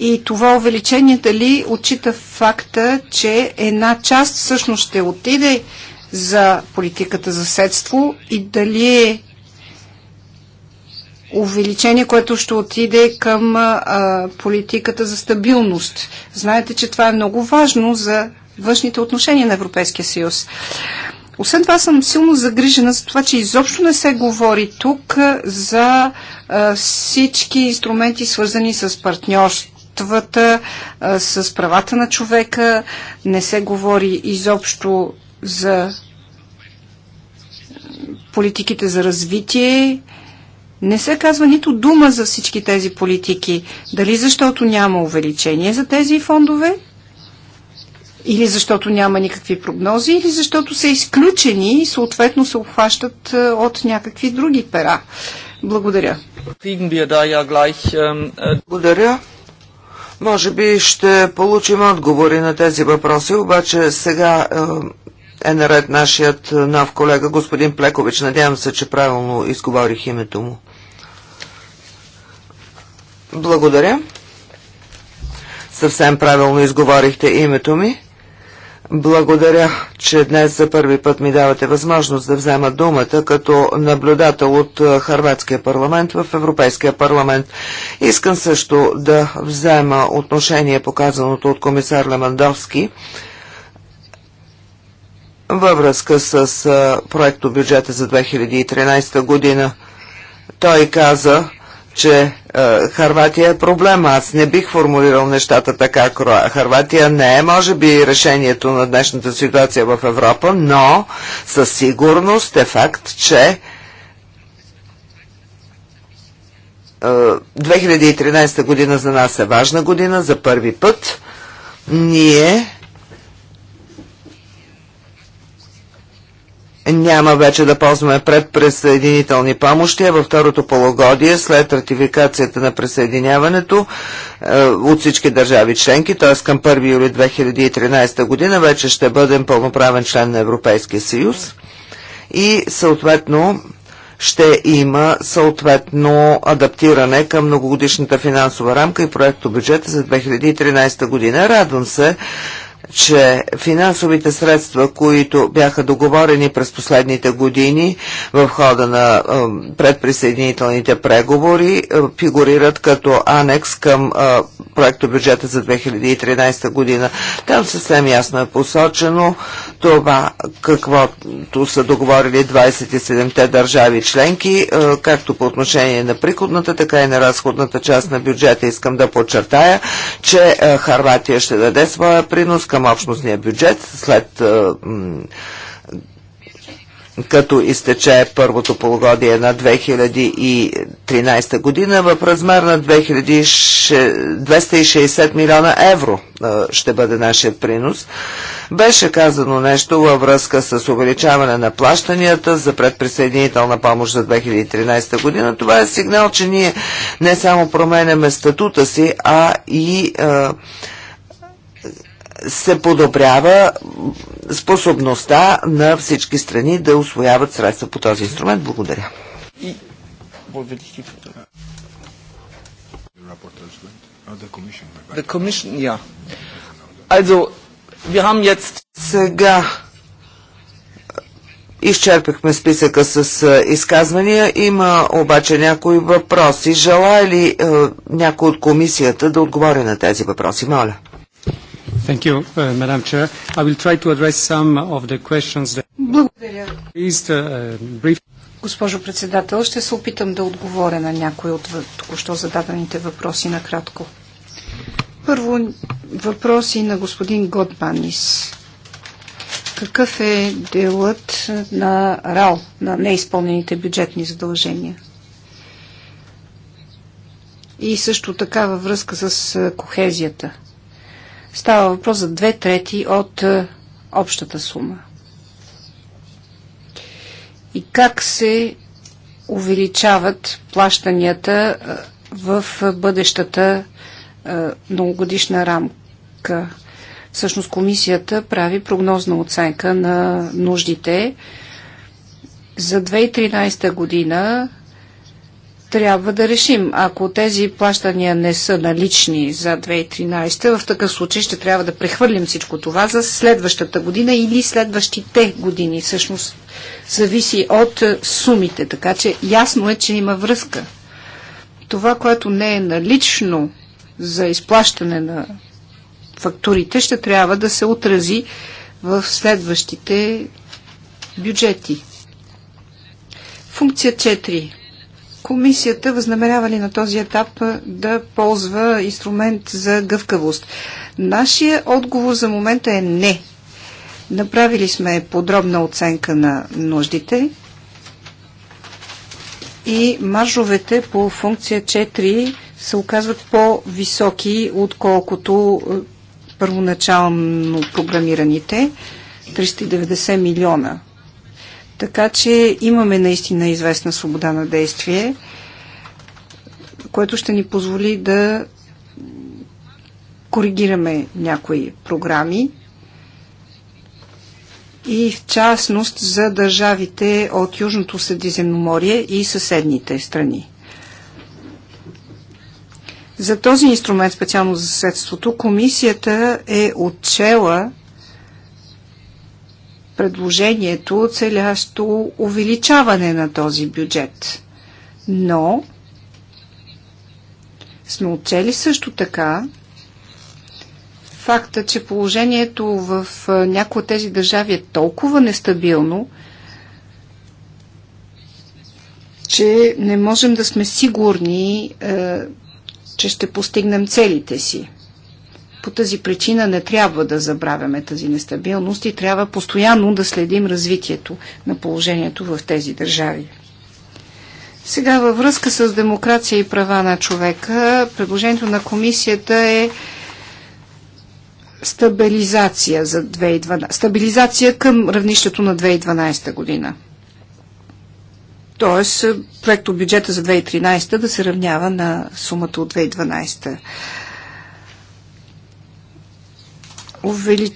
И това увеличение дали отчита факта, че една част всъщност ще отиде за политиката за съседство и дали е увеличение, което ще отиде към а, политиката за стабилност. Знаете, че това е много важно за външните отношения на Европейския съюз. Освен това съм силно загрижена за това, че изобщо не се говори тук за а, всички инструменти, свързани с партньорство жертвата, а, с правата на човека. Не се говори изобщо за политиките за развитие. Не се казва нито дума за всички тези политики. Дали защото няма увеличение за тези фондове, или защото няма никакви прогнози, или защото са изключени и съответно се обхващат от някакви други пера. Благодаря. Ähm, äh, Благодаря. Може би ще получим отговори на тези въпроси, обаче сега е, е наред нашият е, нов колега, господин Плекович. Надявам се, че правилно изговорих името му. Благодаря. Съвсем правилно изговорихте името ми. Благодаря, че днес за първи път ми давате възможност да взема думата като наблюдател от е, Харватския парламент в Европейския парламент. Искам също да взема отношение показаното от комисар Лемандовски във връзка с е, проекто бюджета за 2013 година. Той каза, че е, Харватия е проблема. Аз не бих формулирал нещата така. Харватия не е, може би, решението на днешната ситуация в Европа, но със сигурност е факт, че 2013 е, година за нас е важна година. За първи път ние няма вече да ползваме предпресъединителни помощи, а във второто полугодие, след ратификацията на присъединяването е, от всички държави членки, т.е. към 1 юли 2013 година, вече ще бъдем пълноправен член на Европейския съюз и съответно ще има съответно адаптиране към многогодишната финансова рамка и проекто бюджета за 2013 година. Радвам се, че финансовите средства, които бяха договорени през последните години в хода на предприсъединителните преговори, е, фигурират като анекс към проекто бюджета за 2013 година. Там съвсем ясно е посочено това, каквото са договорили 27-те държави членки, е, както по отношение на приходната, така и на разходната част на бюджета. Искам да подчертая, че е, Харватия ще даде своя принос към към общностния бюджет след като изтече първото полугодие на 2013 година в размер на 260 милиона евро ще бъде нашият принос. Беше казано нещо във връзка с увеличаване на плащанията за предприсъединителна помощ за 2013 година. Това е сигнал, че ние не само променяме статута си, а и е, се подобрява способността на всички страни да освояват средства по този инструмент. Благодаря. Сега изчерпахме списъка с е, изказвания. Има обаче някои въпроси. Желая ли е, някой от комисията да отговори на тези въпроси? Моля. Thank you, uh, Madam Chair. I will try to address some of the questions that... Благодаря. Uh, Госпожо председател, ще се опитам да отговоря на някои от току-що зададените въпроси накратко. Първо, въпроси на господин Готманис. Какъв е делът на РАЛ, на неизпълнените бюджетни задължения? И също така във връзка с кохезията – Става въпрос за две трети от е, общата сума. И как се увеличават плащанията е, в бъдещата е, многогодишна рамка? Всъщност комисията прави прогнозна оценка на нуждите. За 2013 година трябва да решим. Ако тези плащания не са налични за 2013, в такъв случай ще трябва да прехвърлим всичко това за следващата година или следващите години. Всъщност зависи от е, сумите, така че ясно е, че има връзка. Това, което не е налично за изплащане на фактурите, ще трябва да се отрази в следващите бюджети. Функция 4 комисията възнамерява ли на този етап да ползва инструмент за гъвкавост? Нашия отговор за момента е не. Направили сме подробна оценка на нуждите и маржовете по функция 4 се оказват по-високи, отколкото първоначално програмираните 390 милиона така че имаме наистина известна свобода на действие, което ще ни позволи да коригираме някои програми и в частност за държавите от Южното Средиземноморие и съседните страни. За този инструмент, специално за съседството, комисията е отчела предложението, целящо увеличаване на този бюджет. Но сме отчели също така факта, че положението в някои от тези държави е толкова нестабилно, че не можем да сме сигурни, че ще постигнем целите си. По тази причина не трябва да забравяме тази нестабилност и трябва постоянно да следим развитието на положението в тези държави. Сега във връзка с демокрация и права на човека, предложението на комисията е стабилизация, за 2012, стабилизация към равнището на 2012 година. Тоест, проекто бюджета за 2013 да се равнява на сумата от 2012 увели...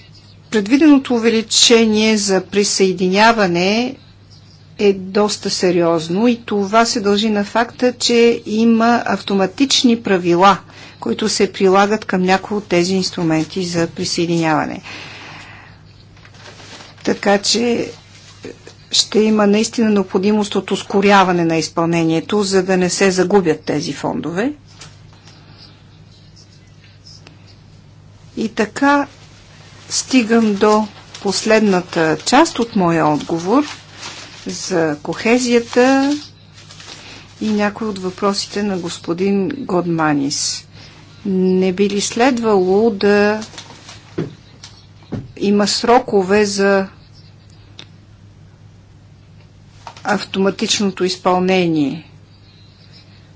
предвиденото увеличение за присъединяване е доста сериозно и това се дължи на факта, че има автоматични правила, които се прилагат към някои от тези инструменти за присъединяване. Така че е, ще има наистина необходимост от ускоряване на изпълнението, за да не се загубят тези фондове. И така стигам до последната част от моя отговор за кохезията и някои от въпросите на господин Годманис. Не би ли следвало да има срокове за автоматичното изпълнение.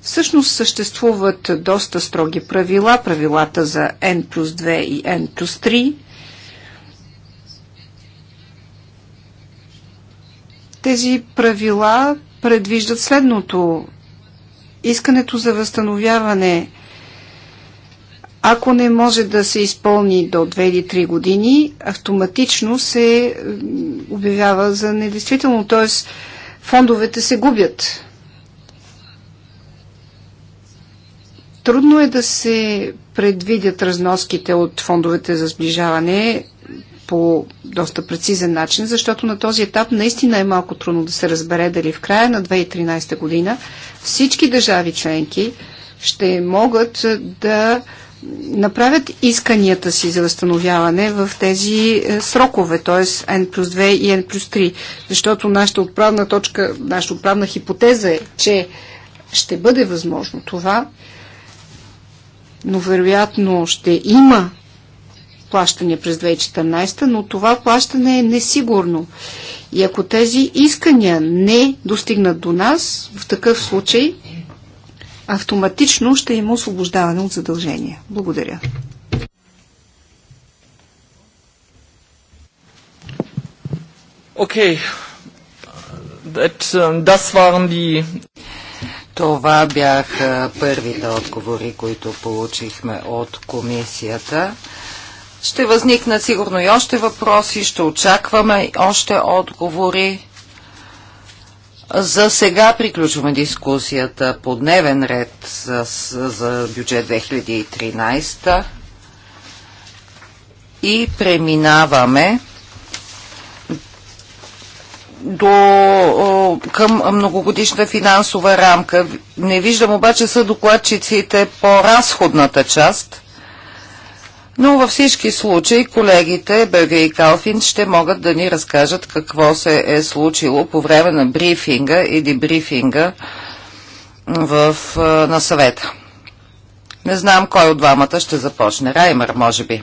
Всъщност съществуват доста строги правила, правилата за N плюс 2 и N плюс 3. Тези правила предвиждат следното. Искането за възстановяване, ако не може да се изпълни до 2 или 3 години, автоматично се обявява за недействително, т.е. фондовете се губят. Трудно е да се предвидят разноските от фондовете за сближаване по доста прецизен начин, защото на този етап наистина е малко трудно да се разбере дали в края на 2013 година всички държави членки ще могат е, да направят исканията си за възстановяване в тези е, срокове, т.е. N плюс 2 и N плюс 3, защото нашата отправна точка, нашата отправна хипотеза е, че ще бъде възможно това, но вероятно ще има плащания през 2014, но това плащане е несигурно. И ако тези искания не достигнат до нас, в такъв случай автоматично ще има освобождаване от задължения. Благодаря. Окей. Okay. Uh, това бяха първите отговори, които получихме от комисията. Ще възникнат сигурно и още въпроси, ще очакваме още отговори. За сега приключваме дискусията по дневен ред за, за бюджет 2013 и преминаваме до, към многогодишна финансова рамка. Не виждам обаче са докладчиците по разходната част. Но във всички случаи колегите Беге и Калфин ще могат да ни разкажат какво се е случило по време на брифинга и дебрифинга в, на съвета. Не знам кой от двамата ще започне. Раймер, може би.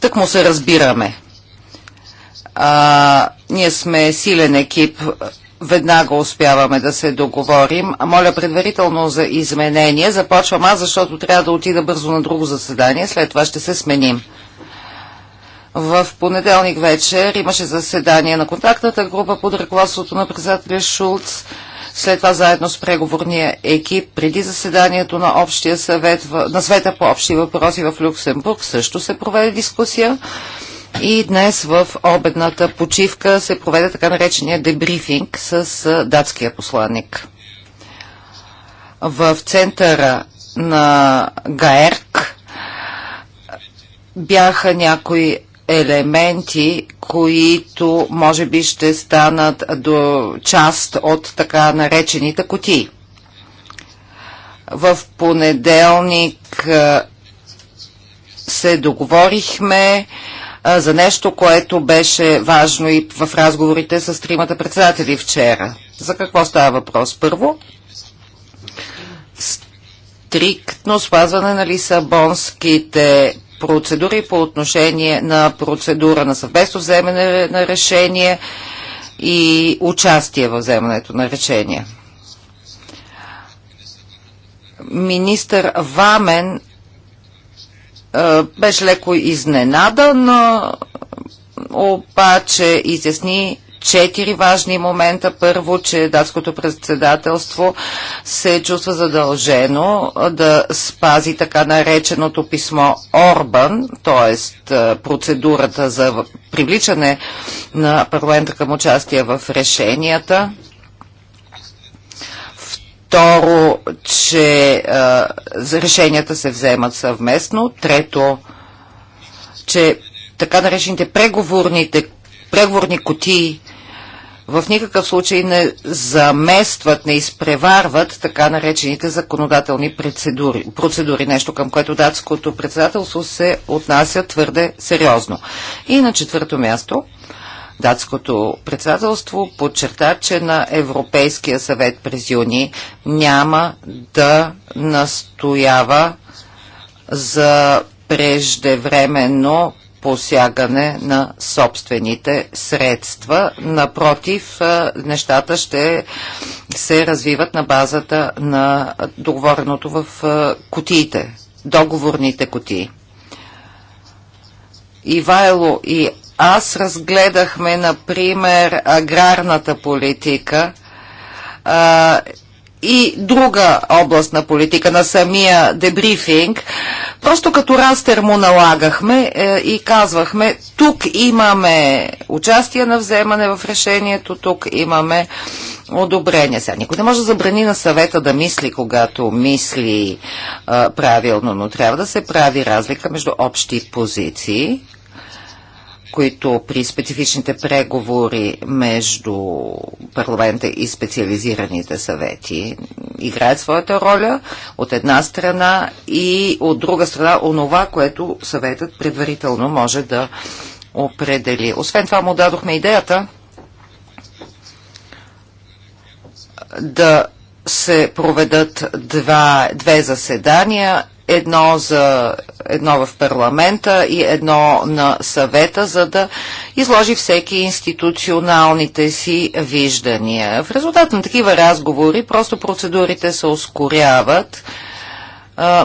Тък му се разбираме. А, ние сме силен екип веднага успяваме да се договорим. Моля предварително за изменение. Започвам аз, защото трябва да отида бързо на друго заседание. След това ще се сменим. В понеделник вечер имаше заседание на контактната група под ръководството на председателя Шулц. След това заедно с преговорния екип преди заседанието на, общия съвет, на света по общи въпроси в Люксембург също се проведе дискусия. И днес в обедната почивка се проведе така наречения дебрифинг с датския посланник. В центъра на ГАЕРК бяха някои елементи, които може би ще станат до част от така наречените кутии. В понеделник се договорихме а, за нещо, което беше важно и в разговорите с тримата председатели вчера. За какво става въпрос? Първо, стриктно спазване на лисабонските процедури по отношение на процедура на съвместно вземане на решение и участие в вземането на решение. Министър Вамен е, беше леко изненадан, обаче изясни четири важни момента. Първо, че датското председателство се чувства задължено да спази така нареченото писмо Орбан, т.е. процедурата за привличане на парламента към участие в решенията. Второ, че а, решенията се вземат съвместно. Трето, че така наречените преговорните, преговорни кутии в никакъв случай не заместват, не изпреварват така наречените законодателни процедури, процедури нещо към което датското председателство се отнася твърде сериозно. И на четвърто място, Датското председателство подчерта, че на Европейския съвет през юни няма да настоява за преждевременно посягане на собствените средства. Напротив, нещата ще се развиват на базата на договореното в кутиите, договорните кутии. Ивайло и аз разгледахме, например, аграрната политика а, и друга област на политика на самия дебрифинг. Просто като растер му налагахме е, и казвахме, тук имаме участие на вземане в решението, тук имаме одобрение. Сега никой не може да забрани на съвета да мисли, когато мисли е, правилно, но трябва да се прави разлика между общи позиции, които при специфичните преговори между парламента и специализираните съвети играят своята роля от една страна и от друга страна онова, което съветът предварително може да определи. Освен това му дадохме идеята да се проведат два, две заседания едно, за, едно в парламента и едно на съвета, за да изложи всеки институционалните си виждания. В резултат на такива разговори просто процедурите се ускоряват.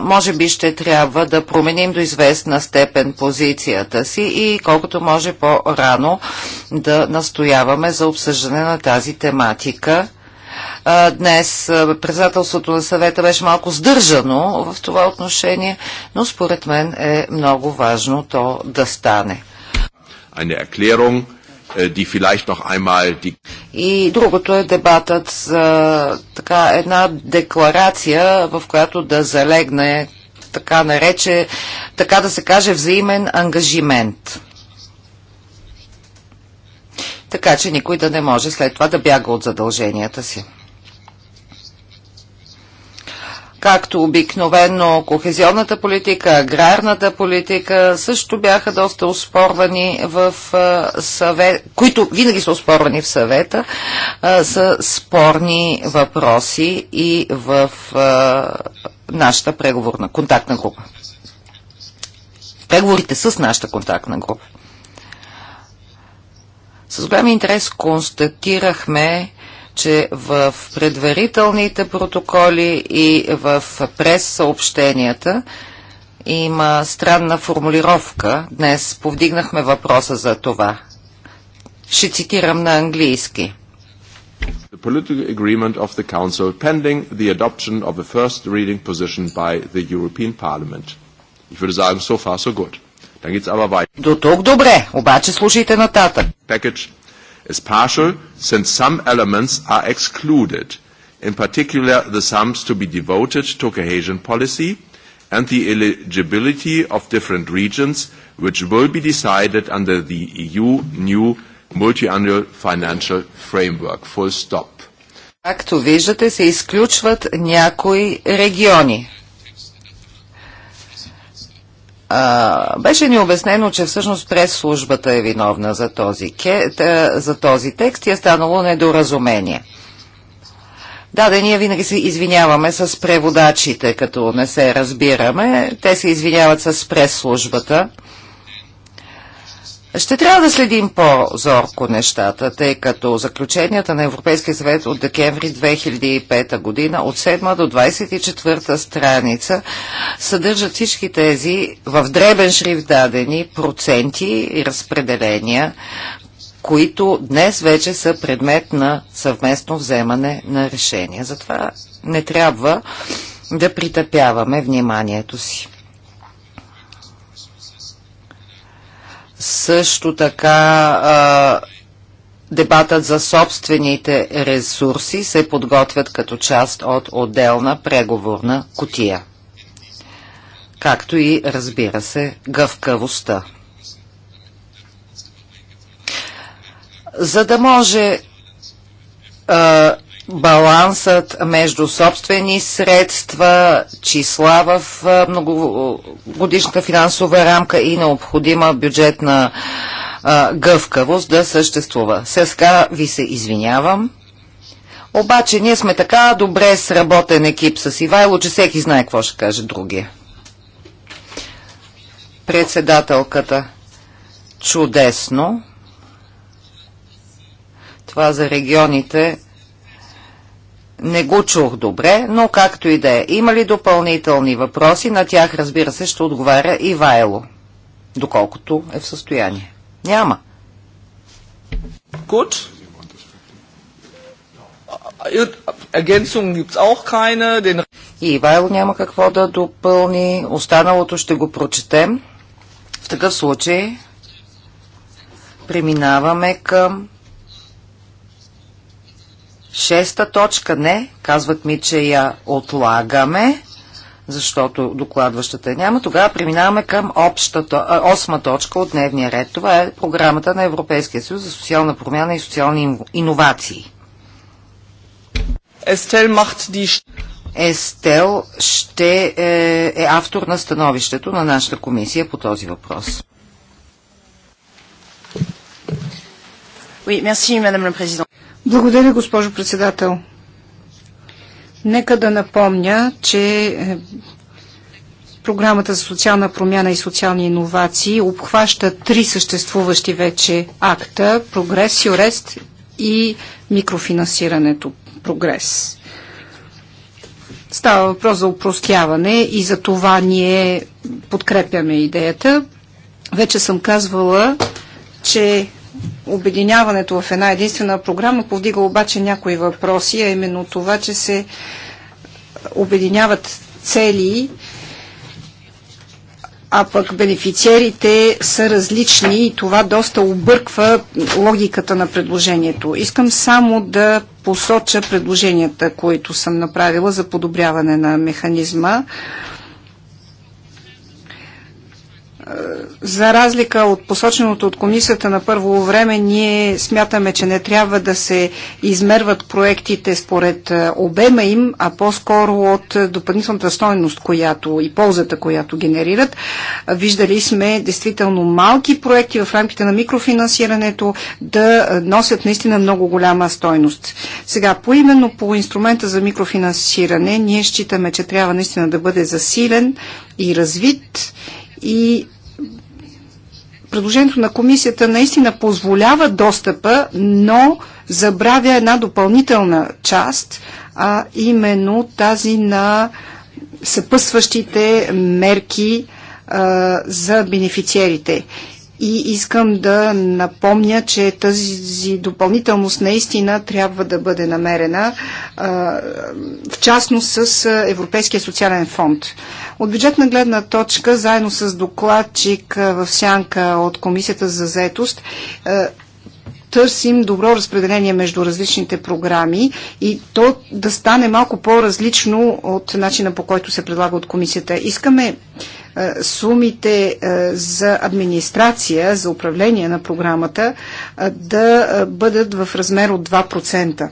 може би ще трябва да променим до известна степен позицията си и колкото може по-рано да настояваме за обсъждане на тази тематика Днес председателството на съвета беше малко сдържано в това отношение, но според мен е много важно то да стане. Е, И другото е дебатът за така една декларация, в която да залегне така нарече, така да се каже взаимен ангажимент. Така че никой да не може след това да бяга от задълженията си. Както обикновено кохезионната политика, аграрната политика също бяха доста успорвани в съвет, които винаги са успорвани в съвета, са спорни въпроси и в нашата преговорна контактна група. Преговорите с нашата контактна група. С голям интерес констатирахме, че в предварителните протоколи и в прес-съобщенията има странна формулировка. Днес повдигнахме въпроса за това. Ще цитирам на английски. The political agreement of the Council pending the adoption of a first reading position by the European Parliament. Ich würde sagen, so far so good. Dann geht's aber weiter. До тук добре, обаче слушайте нататък. Package is partial since some elements are excluded, in particular the sums to be devoted to cohesion policy and the eligibility of different regions, which will be decided under the EU new multiannual financial framework. Full stop. Както виждате, се изключват някои региони а, беше ни обяснено, че всъщност прес-службата е виновна за този, ке, та, за този текст и е станало недоразумение. Да, да, ние винаги се извиняваме с преводачите, като не се разбираме. Те се извиняват с прес-службата. Ще трябва да следим по-зорко нещата, тъй като заключенията на Европейския съвет от декември 2005 година от 7 до 24 страница съдържат всички тези в дребен шрифт дадени проценти и разпределения, които днес вече са предмет на съвместно вземане на решения. Затова не трябва да притъпяваме вниманието си. Също така а, дебатът за собствените ресурси се подготвят като част от отделна преговорна котия. Както и, разбира се, гъвкавостта. За да може а, балансът между собствени средства, числа в многогодишната финансова рамка и необходима бюджетна гъвкавост да съществува. Сега ви се извинявам. Обаче ние сме така добре сработен екип с Ивайло, че всеки знае какво ще каже другия. Председателката. Чудесно. Това за регионите не го чух добре, но както и да е. Има ли допълнителни въпроси? На тях, разбира се, ще отговаря и Вайло, доколкото е в състояние. Няма. Gut. Äh, äh, gibt's auch keine. Den... И Ивайло няма какво да допълни. Останалото ще го прочетем. В такъв случай преминаваме към Шеста точка не, казват ми, че я отлагаме, защото докладващата няма. Тогава преминаваме към общата, осма точка от дневния ред. Това е програмата на Европейския съюз за социална промяна и социални иновации. Естел macht die... Естел ще е, е автор на становището на нашата комисия по този въпрос. Oui, merci, madame la présidente. Благодаря, госпожо председател. Нека да напомня, че е, Програмата за социална промяна и социални иновации обхваща три съществуващи вече акта – прогрес, юрест и микрофинансирането прогрес. Става въпрос за упростяване и за това ние подкрепяме идеята. Вече съм казвала, че обединяването в една единствена програма повдига обаче някои въпроси, а именно това, че се обединяват цели, а пък бенефициерите са различни и това доста обърква логиката на предложението. Искам само да посоча предложенията, които съм направила за подобряване на механизма за разлика от посоченото от комисията на първо време, ние смятаме, че не трябва да се измерват проектите според обема им, а по-скоро от допълнителната стойност която, и ползата, която генерират. Виждали сме действително малки проекти в рамките на микрофинансирането да носят наистина много голяма стойност. Сега, поименно по инструмента за микрофинансиране, ние считаме, че трябва наистина да бъде засилен и развит и предложението на комисията наистина позволява достъпа, но забравя една допълнителна част, а именно тази на съпъсващите мерки а, за бенефициерите. И искам да напомня, че тази допълнителност наистина трябва да бъде намерена, в частност с Европейския социален фонд. От бюджетна гледна точка, заедно с докладчик в сянка от Комисията за заетост, търсим добро разпределение между различните програми и то да стане малко по-различно от начина по който се предлага от комисията. Искаме е, сумите е, за администрация, за управление на програмата е, да бъдат в размер от 2%.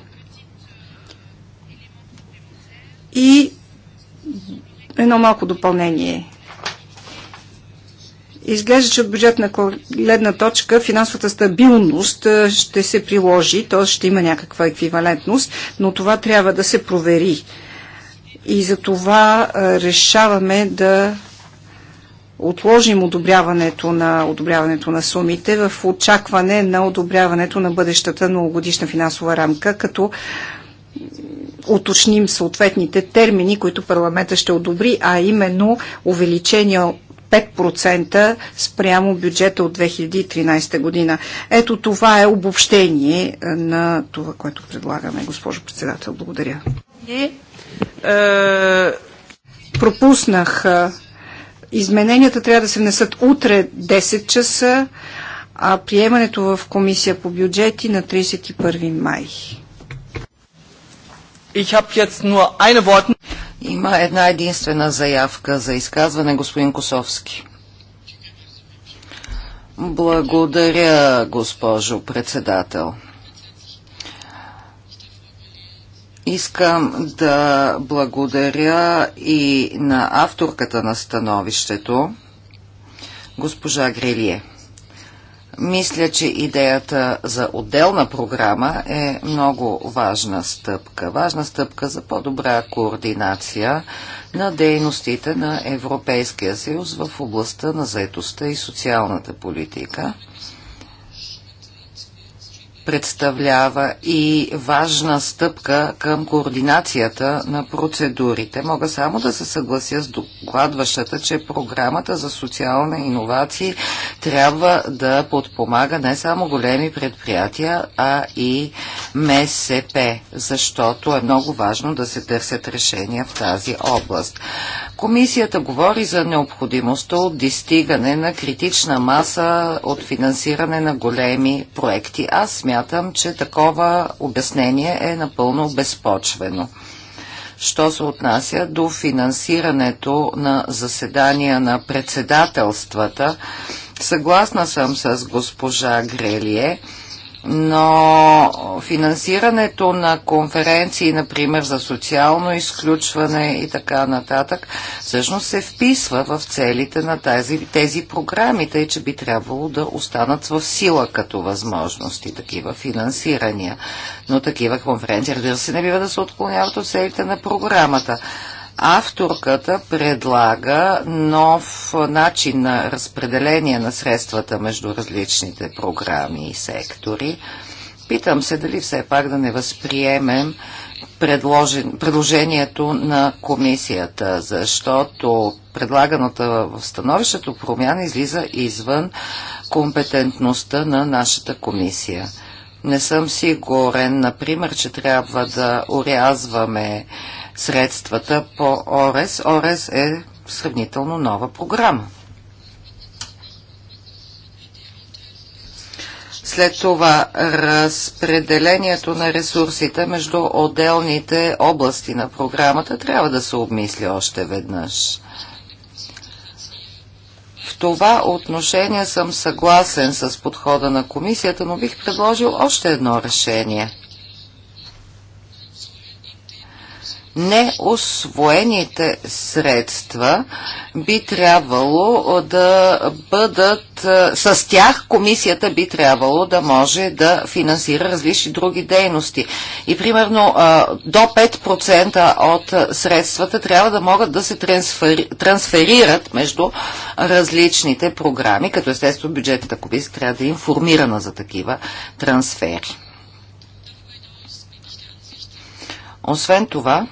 И едно малко допълнение. Изглежда, че от бюджетна гледна точка финансовата стабилност ще се приложи, т.е. ще има някаква еквивалентност, но това трябва да се провери. И за това решаваме да отложим одобряването на, одобряването на сумите в очакване на одобряването на бъдещата многогодишна финансова рамка, като уточним съответните термини, които парламента ще одобри, а именно увеличение 5% спрямо бюджета от 2013 година. Ето това е обобщение е, на това, което предлагаме, госпожо председател. Благодаря. И, е... Пропуснах. Е, измененията трябва да се внесат утре 10 часа, а приемането в комисия по бюджети на 31 май. Ich habe jetzt nur eine Wort има една единствена заявка за изказване, господин Косовски. Благодаря, госпожо председател. Искам да благодаря и на авторката на становището, госпожа Грелие. Мисля, че идеята за отделна програма е много важна стъпка. Важна стъпка за по-добра координация на дейностите на Европейския съюз в областта на заетостта и социалната политика представлява и важна стъпка към координацията на процедурите. Мога само да се съглася с докладващата, че програмата за социална иновации трябва да подпомага не само големи предприятия, а и МСП, защото е много важно да се търсят решения в тази област. Комисията говори за необходимостта от достигане на критична маса от финансиране на големи проекти. Аз смятам, смятам, че такова обяснение е напълно безпочвено. Що се отнася до финансирането на заседания на председателствата, съгласна съм с госпожа Грелие, но финансирането на конференции, например, за социално изключване и така нататък, всъщност се вписва в целите на тази, тези програми, тъй че би трябвало да останат в сила като възможности такива финансирания. Но такива конференции, разбира се, не бива да се отклоняват от целите на програмата. Авторката предлага нов начин на разпределение на средствата между различните програми и сектори. Питам се дали все пак да не възприемем предложен, предложението на комисията, защото предлаганата в становището промяна излиза извън компетентността на нашата комисия. Не съм сигурен, например, че трябва да урязваме средствата по ОРЕС. ОРЕС е сравнително нова програма. След това разпределението на ресурсите между отделните области на програмата трябва да се обмисли още веднъж. В това отношение съм съгласен с подхода на комисията, но бих предложил още едно решение – неосвоените средства би трябвало да бъдат, с тях комисията би трябвало да може да финансира различни други дейности. И примерно до 5% от средствата трябва да могат да се трансфери, трансферират между различните програми, като естествено бюджетната комисия трябва да е информирана за такива трансфери. Освен това,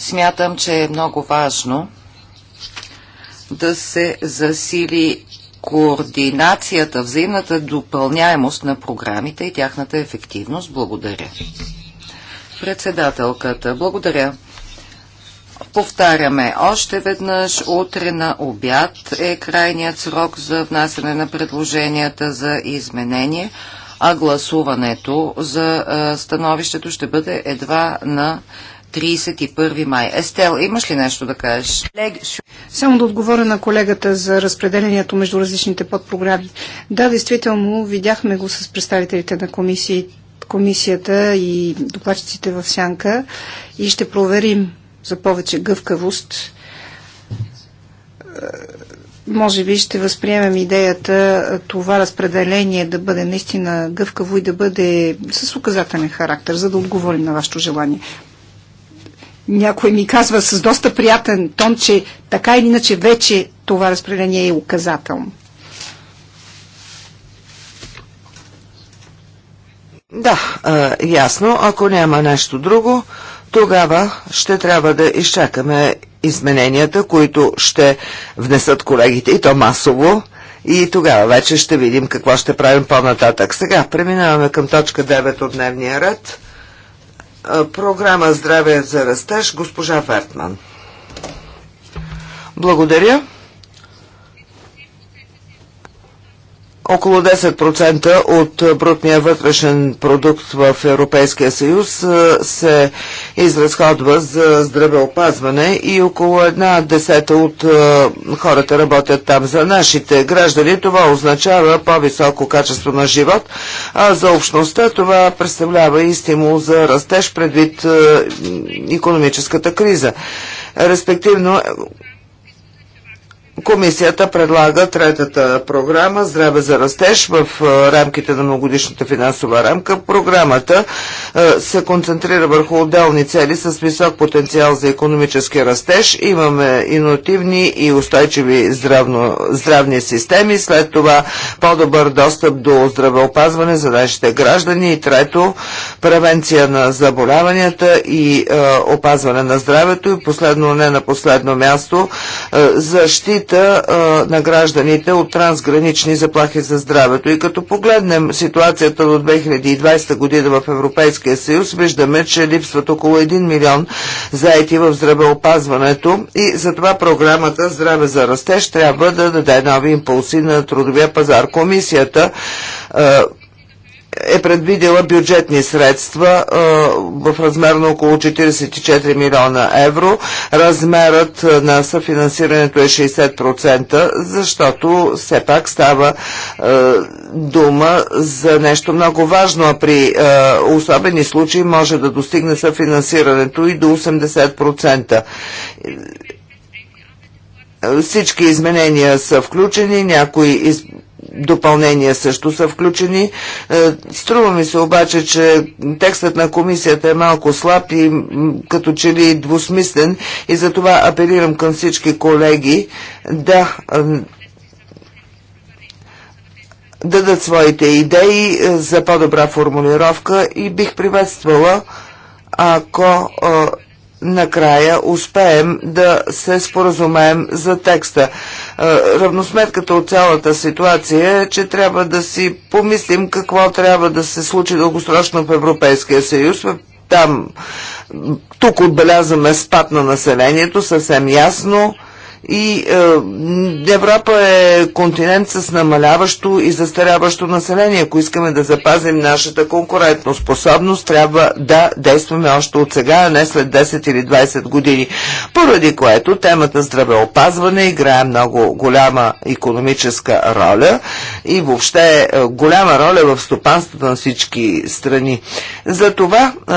Смятам, че е много важно да се засили координацията, взаимната допълняемост на програмите и тяхната ефективност. Благодаря. Председателката, благодаря. Повтаряме още веднъж, утре на обяд е крайният срок за внасяне на предложенията за изменение, а гласуването за становището ще бъде едва на 31 май. Естел, имаш ли нещо да кажеш? Само да отговоря на колегата за разпределението между различните подпрограми. Да, действително, видяхме го с представителите на комисии, комисията и докладчиците в Сянка и ще проверим за повече гъвкавост. Е, може би ще възприемем идеята е, това разпределение да бъде наистина гъвкаво и да бъде с указателен характер, за да отговорим на вашето желание някой ми казва с доста приятен тон, че така или иначе вече това разпределение е указателно. Да, е, ясно. Ако няма нещо друго, тогава ще трябва да изчакаме измененията, които ще внесат колегите и то масово. И тогава вече ще видим какво ще правим по-нататък. Сега преминаваме към точка 9 от дневния ред. Програма Здраве за растеж, госпожа Вертман. Благодаря. около 10% от е, брутния вътрешен продукт в Европейския съюз е, се изразходва за здравеопазване и около една десета от е, хората работят там. За нашите граждани това означава по-високо качество на живот, а за общността това представлява и стимул за растеж предвид економическата криза. Респективно Комисията предлага третата програма Здраве за растеж в е, рамките на многогодишната финансова рамка. Програмата е, се концентрира върху отделни цели с висок потенциал за економически растеж. Имаме иновативни и устойчиви здравно, здравни системи, след това по-добър достъп до здравеопазване за нашите граждани и трето превенция на заболяванията и е, опазване на здравето и последно, не на последно място, е, защита е, на гражданите от трансгранични заплахи за здравето. И като погледнем ситуацията до 2020 година в Европейския съюз, виждаме, че липсват около 1 милион заети в здравеопазването и затова програмата Здраве за растеж трябва да даде нови импулси на трудовия пазар. Комисията е, е предвидила бюджетни средства е, в размер на около 44 милиона евро. Размерът е, на съфинансирането е 60%, защото все пак става е, дума за нещо много важно, а при особени случаи може да достигне съфинансирането и до 80%. Всички изменения са включени, някои из допълнения също са включени. Е, струва ми се обаче, че текстът на комисията е малко слаб и като че ли двусмислен и затова апелирам към всички колеги да е, дадат своите идеи е, за по-добра формулировка и бих приветствала, ако накрая успеем да се споразумеем за текста. Е, равносметката от цялата ситуация е, че трябва да си помислим какво трябва да се случи дългосрочно в Европейския съюз. Там, тук отбелязваме спад на населението, съвсем ясно. И е, Европа е континент с намаляващо и застаряващо население. Ако искаме да запазим нашата конкурентно способност, трябва да действаме още от сега, а не след 10 или 20 години. Поради което темата здравеопазване играе много голяма економическа роля и въобще е, голяма роля в стопанството на всички страни. Затова е,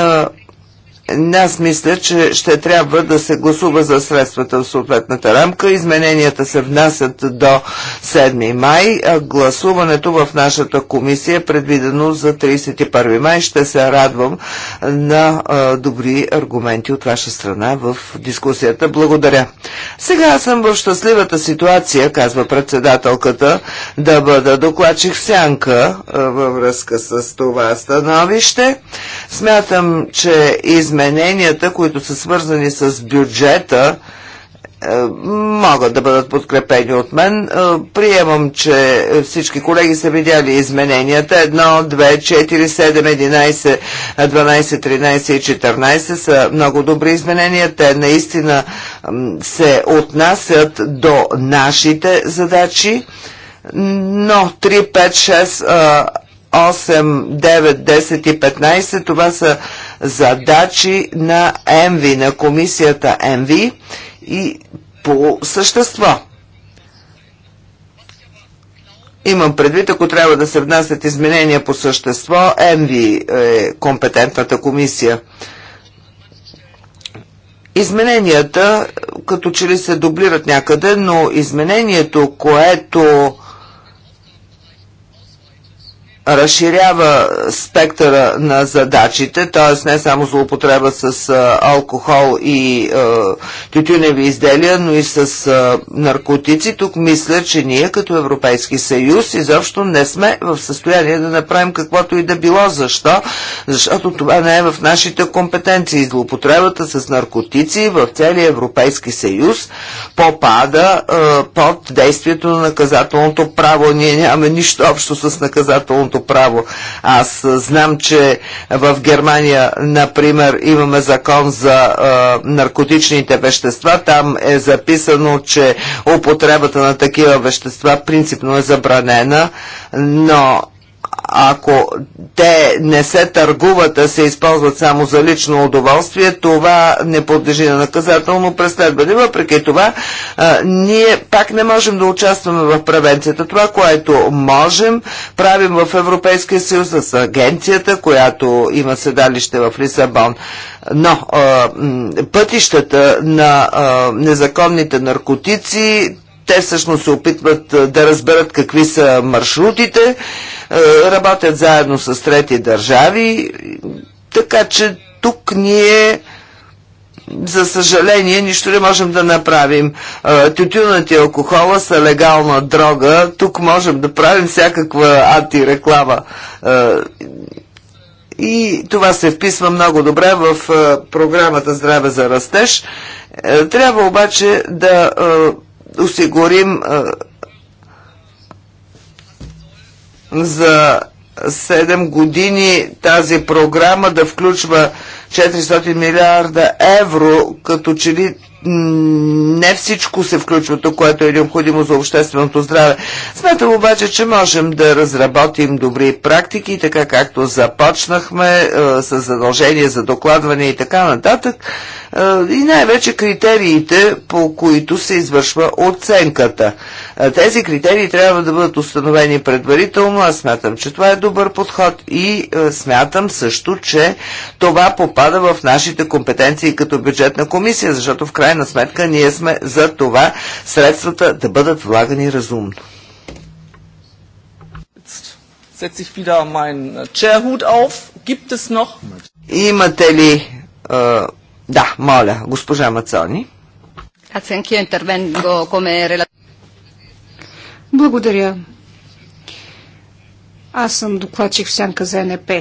аз мисля, че ще трябва да се гласува за средствата в съответната рамка. Измененията се внасят до 7 май. А гласуването в нашата комисия е предвидено за 31 май. Ще се радвам на добри аргументи от ваша страна в дискусията. Благодаря. Сега съм в щастливата ситуация, казва председателката, да бъда докладчик сянка във връзка с това становище. Смятам, че изменението измененията, които са свързани с бюджета, е, могат да бъдат подкрепени от мен. Е, приемам, че всички колеги са видяли измененията. 1, 2, 4, 7, 11, 12, 13 и 14 са много добри изменения. Те наистина се отнасят до нашите задачи, но 3, 5, 6, 8, 9, 10 и 15 това са задачи на ЕМВИ, на комисията ЕМВИ и по същество. Имам предвид, ако трябва да се внасят изменения по същество, ЕМВИ е компетентната комисия. Измененията като че ли се дублират някъде, но изменението, което разширява спектъра на задачите, т.е. не само злоупотреба с а, алкохол и а, тютюневи изделия, но и с а, наркотици. Тук мисля, че ние като Европейски съюз изобщо не сме в състояние да направим каквото и да било. Защо? Защото това не е в нашите компетенции. Злоупотребата с наркотици в целия Европейски съюз попада под действието на наказателното право. Ние нямаме нищо общо с наказателното авторското право. Аз знам, че в Германия, например, имаме закон за а, наркотичните вещества. Там е записано, че употребата на такива вещества принципно е забранена, но ако те не се търгуват, а се използват само за лично удоволствие, това не подлежи на наказателно преследване. Въпреки това, а, ние пак не можем да участваме в превенцията. Това, което можем, правим в Европейския съюз с агенцията, която има седалище в Лисабон. Но а, пътищата на а, незаконните наркотици, те всъщност се опитват да разберат какви са маршрутите, работят заедно с трети държави, така че тук ние за съжаление, нищо не можем да направим. Тютюнът и алкохола са легална дрога. Тук можем да правим всякаква антиреклама. И това се вписва много добре в програмата Здраве за растеж. Е, трябва обаче да осигурим за 7 години тази програма да включва 400 милиарда евро, като че ли не всичко се включва тук, което е необходимо за общественото здраве. Смятам обаче, че можем да разработим добри практики, така както започнахме е, с задължение за докладване и така нататък. Е, и най-вече критериите, по които се извършва оценката. Е, тези критерии трябва да бъдат установени предварително. Аз смятам, че това е добър подход и е, смятам също, че това попада в нашите компетенции като бюджетна комисия, защото в крайна сметка ние сме за това средствата да бъдат влагани разумно. Setze ich wieder meinen äh, Chairhut auf. Gibt es noch? Имате ли е, да, моля, госпожа Мацони. Благодаря. Аз съм докладчик в сянка за НП.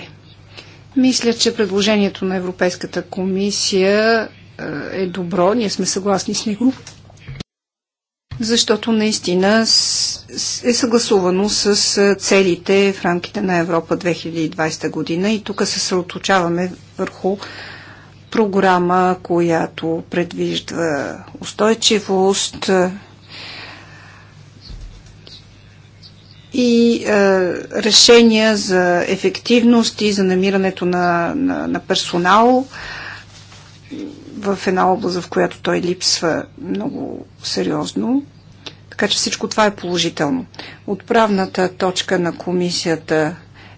Мисля, че предложението на Европейската комисия е, е добро, ние сме съгласни с него, защото наистина е съгласувано с е, целите в рамките на Европа 2020 година и тук се съоточаваме върху програма, която предвижда устойчивост, и е, решения за ефективност и за намирането на, на, на персонал в една област, в която той липсва много сериозно. Така че всичко това е положително. Отправната точка на комисията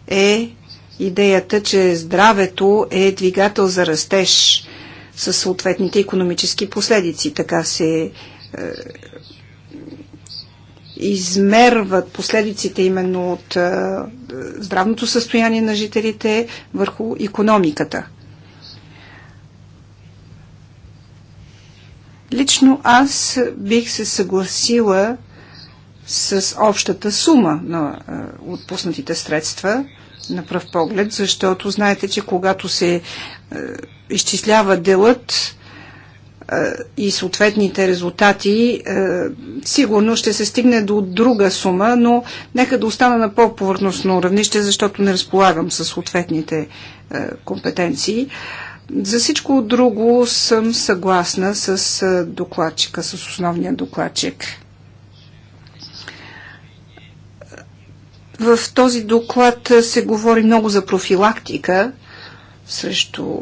е идеята, че здравето е двигател за растеж със съответните економически последици. Така се е, измерват последиците именно от е, здравното състояние на жителите върху економиката. Лично аз бих се съгласила с общата сума на е, отпуснатите средства на пръв поглед, защото знаете, че когато се е, изчислява делът, и съответните резултати, сигурно ще се стигне до друга сума, но нека да остана на по-повърхностно равнище, защото не разполагам с съответните компетенции. За всичко друго съм съгласна с докладчика, с основния докладчик. В този доклад се говори много за профилактика срещу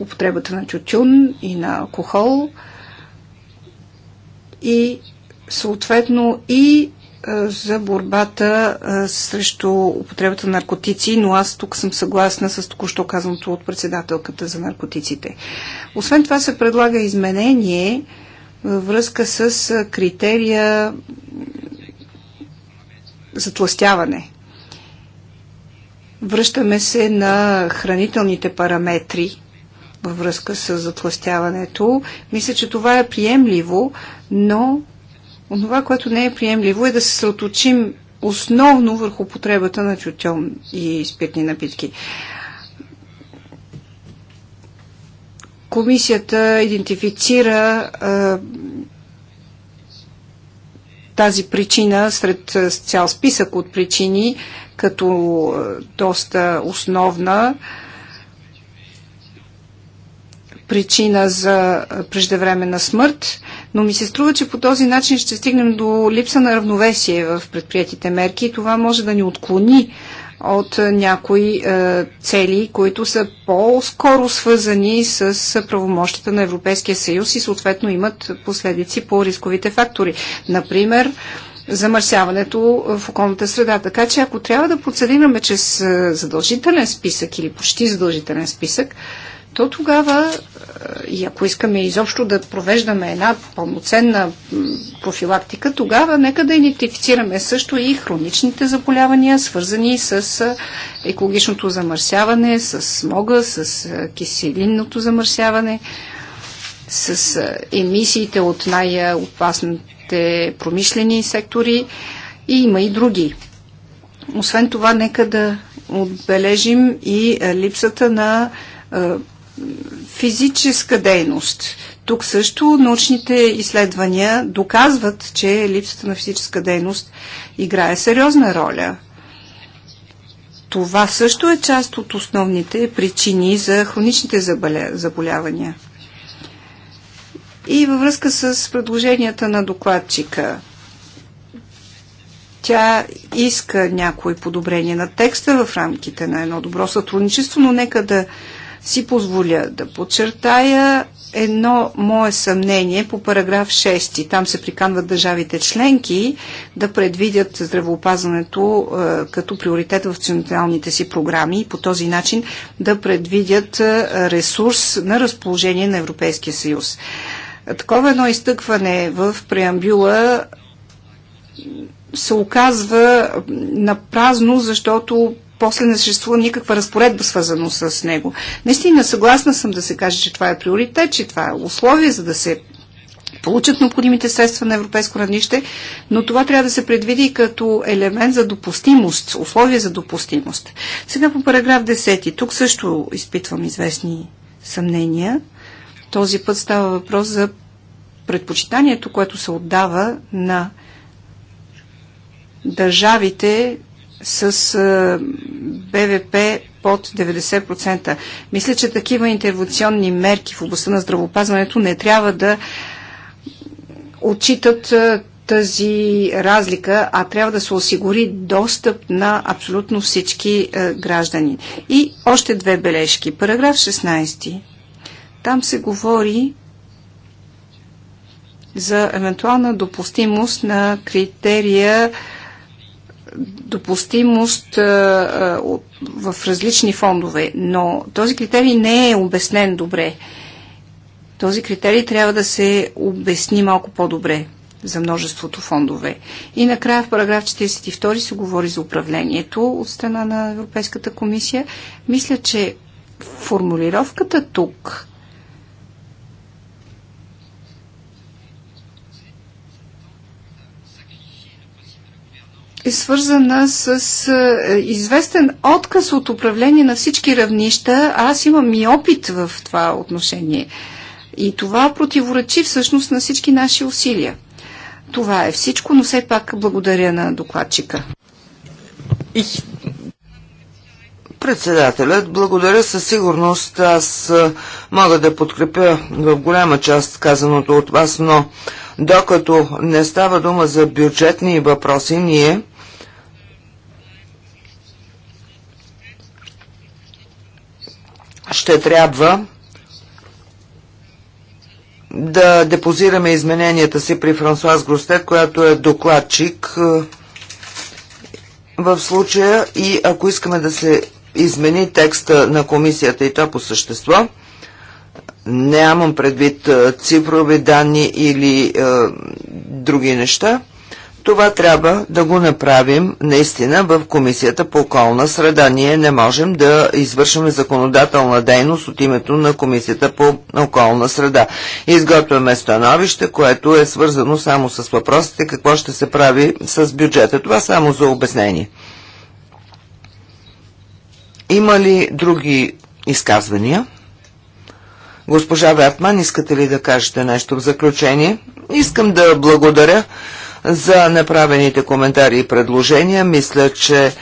употребата на тютюн и на алкохол и съответно и за борбата срещу употребата на наркотици, но аз тук съм съгласна с току-що казаното от председателката за наркотиците. Освен това се предлага изменение във връзка с критерия затластяване. Връщаме се на хранителните параметри във връзка с затластяването. Мисля, че това е приемливо, но това, което не е приемливо е да се съоточим основно върху потребата на тютюн и спиртни напитки. Комисията идентифицира а, тази причина сред цял списък от причини, като е, доста основна причина за преждевременна смърт, но ми се струва, че по този начин ще стигнем до липса на равновесие в предприятите мерки и това може да ни отклони от някои е, цели, които са по-скоро свързани с правомощите на Европейския съюз и съответно имат последици по рисковите фактори. Например, замърсяването в околната среда. Така че ако трябва да подсъдираме чрез е, задължителен списък или почти задължителен списък, то тогава, е, и ако искаме изобщо да провеждаме една пълноценна профилактика, тогава нека да идентифицираме също и хроничните заболявания, свързани с е, екологичното замърсяване, с смога, с киселинното замърсяване, с емисиите от най-опасните другите промишлени сектори и има и други. Освен това, нека да отбележим и е, липсата на е, физическа дейност. Тук също научните изследвания доказват, че липсата на физическа дейност играе сериозна роля. Това също е част от основните причини за хроничните заболявания. И във връзка с предложенията на докладчика, тя иска някои подобрения на текста в рамките на едно добро сътрудничество, но нека да си позволя да подчертая едно мое съмнение по параграф 6. Там се приканват държавите членки да предвидят здравеопазването е, като приоритет в националните си програми и по този начин да предвидят е, ресурс на разположение на Европейския съюз. Такова едно изтъкване в преамбюла се оказва на празно, защото после не съществува никаква разпоредба, свързано с него. Наистина, съгласна съм да се каже, че това е приоритет, че това е условие, за да се получат необходимите средства на европейско равнище, но това трябва да се предвиди като елемент за допустимост, условие за допустимост. Сега по параграф 10. Тук също изпитвам известни съмнения. Този път става въпрос за предпочитанието, което се отдава на държавите с БВП под 90%. Мисля, че такива интервенционни мерки в областта на здравопазването не трябва да отчитат тази разлика, а трябва да се осигури достъп на абсолютно всички граждани. И още две бележки. Параграф 16. Там се говори за евентуална допустимост на критерия допустимост в различни фондове, но този критерий не е обяснен добре. Този критерий трябва да се обясни малко по-добре за множеството фондове. И накрая в параграф 42 се говори за управлението от страна на Европейската комисия. Мисля, че формулировката тук е свързана с е, известен отказ от управление на всички равнища. Аз имам и опит в това отношение. И това противоречи всъщност на всички наши усилия. Това е всичко, но все пак благодаря на докладчика. Их. Председателят, благодаря със сигурност. Аз е, мога да подкрепя в голяма част казаното от вас, но докато не става дума за бюджетни въпроси, ние ще трябва да депозираме измененията си при Франсуаз Гростет, която е докладчик е, в случая и ако искаме да се измени текста на комисията и то по същество, нямам предвид е, цифрови данни или е, други неща, това трябва да го направим наистина в Комисията по околна среда. Ние не можем да извършваме законодателна дейност от името на Комисията по околна среда. Изготвяме становище, което е свързано само с въпросите какво ще се прави с бюджета. Това само за обяснение. Има ли други изказвания? Госпожа Вятман, искате ли да кажете нещо в заключение? Искам да благодаря за направените коментари и предложения. Мисля, че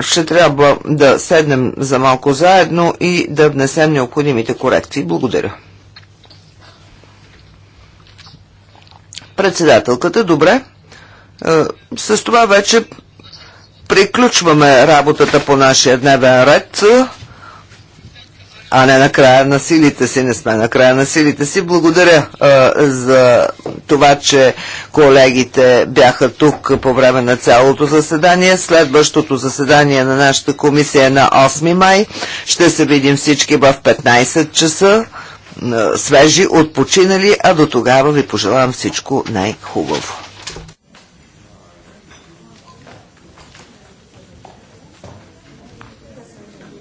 ще трябва да седнем за малко заедно и да внесем необходимите корекции. Благодаря. Председателката, добре. С това вече приключваме работата по нашия дневен ред а не на края на силите си. Не сме на края на силите си. Благодаря а, за това, че колегите бяха тук по време на цялото заседание. Следващото заседание на нашата комисия е на 8 май. Ще се видим всички в 15 часа. Свежи, отпочинали, а до тогава ви пожелавам всичко най-хубаво.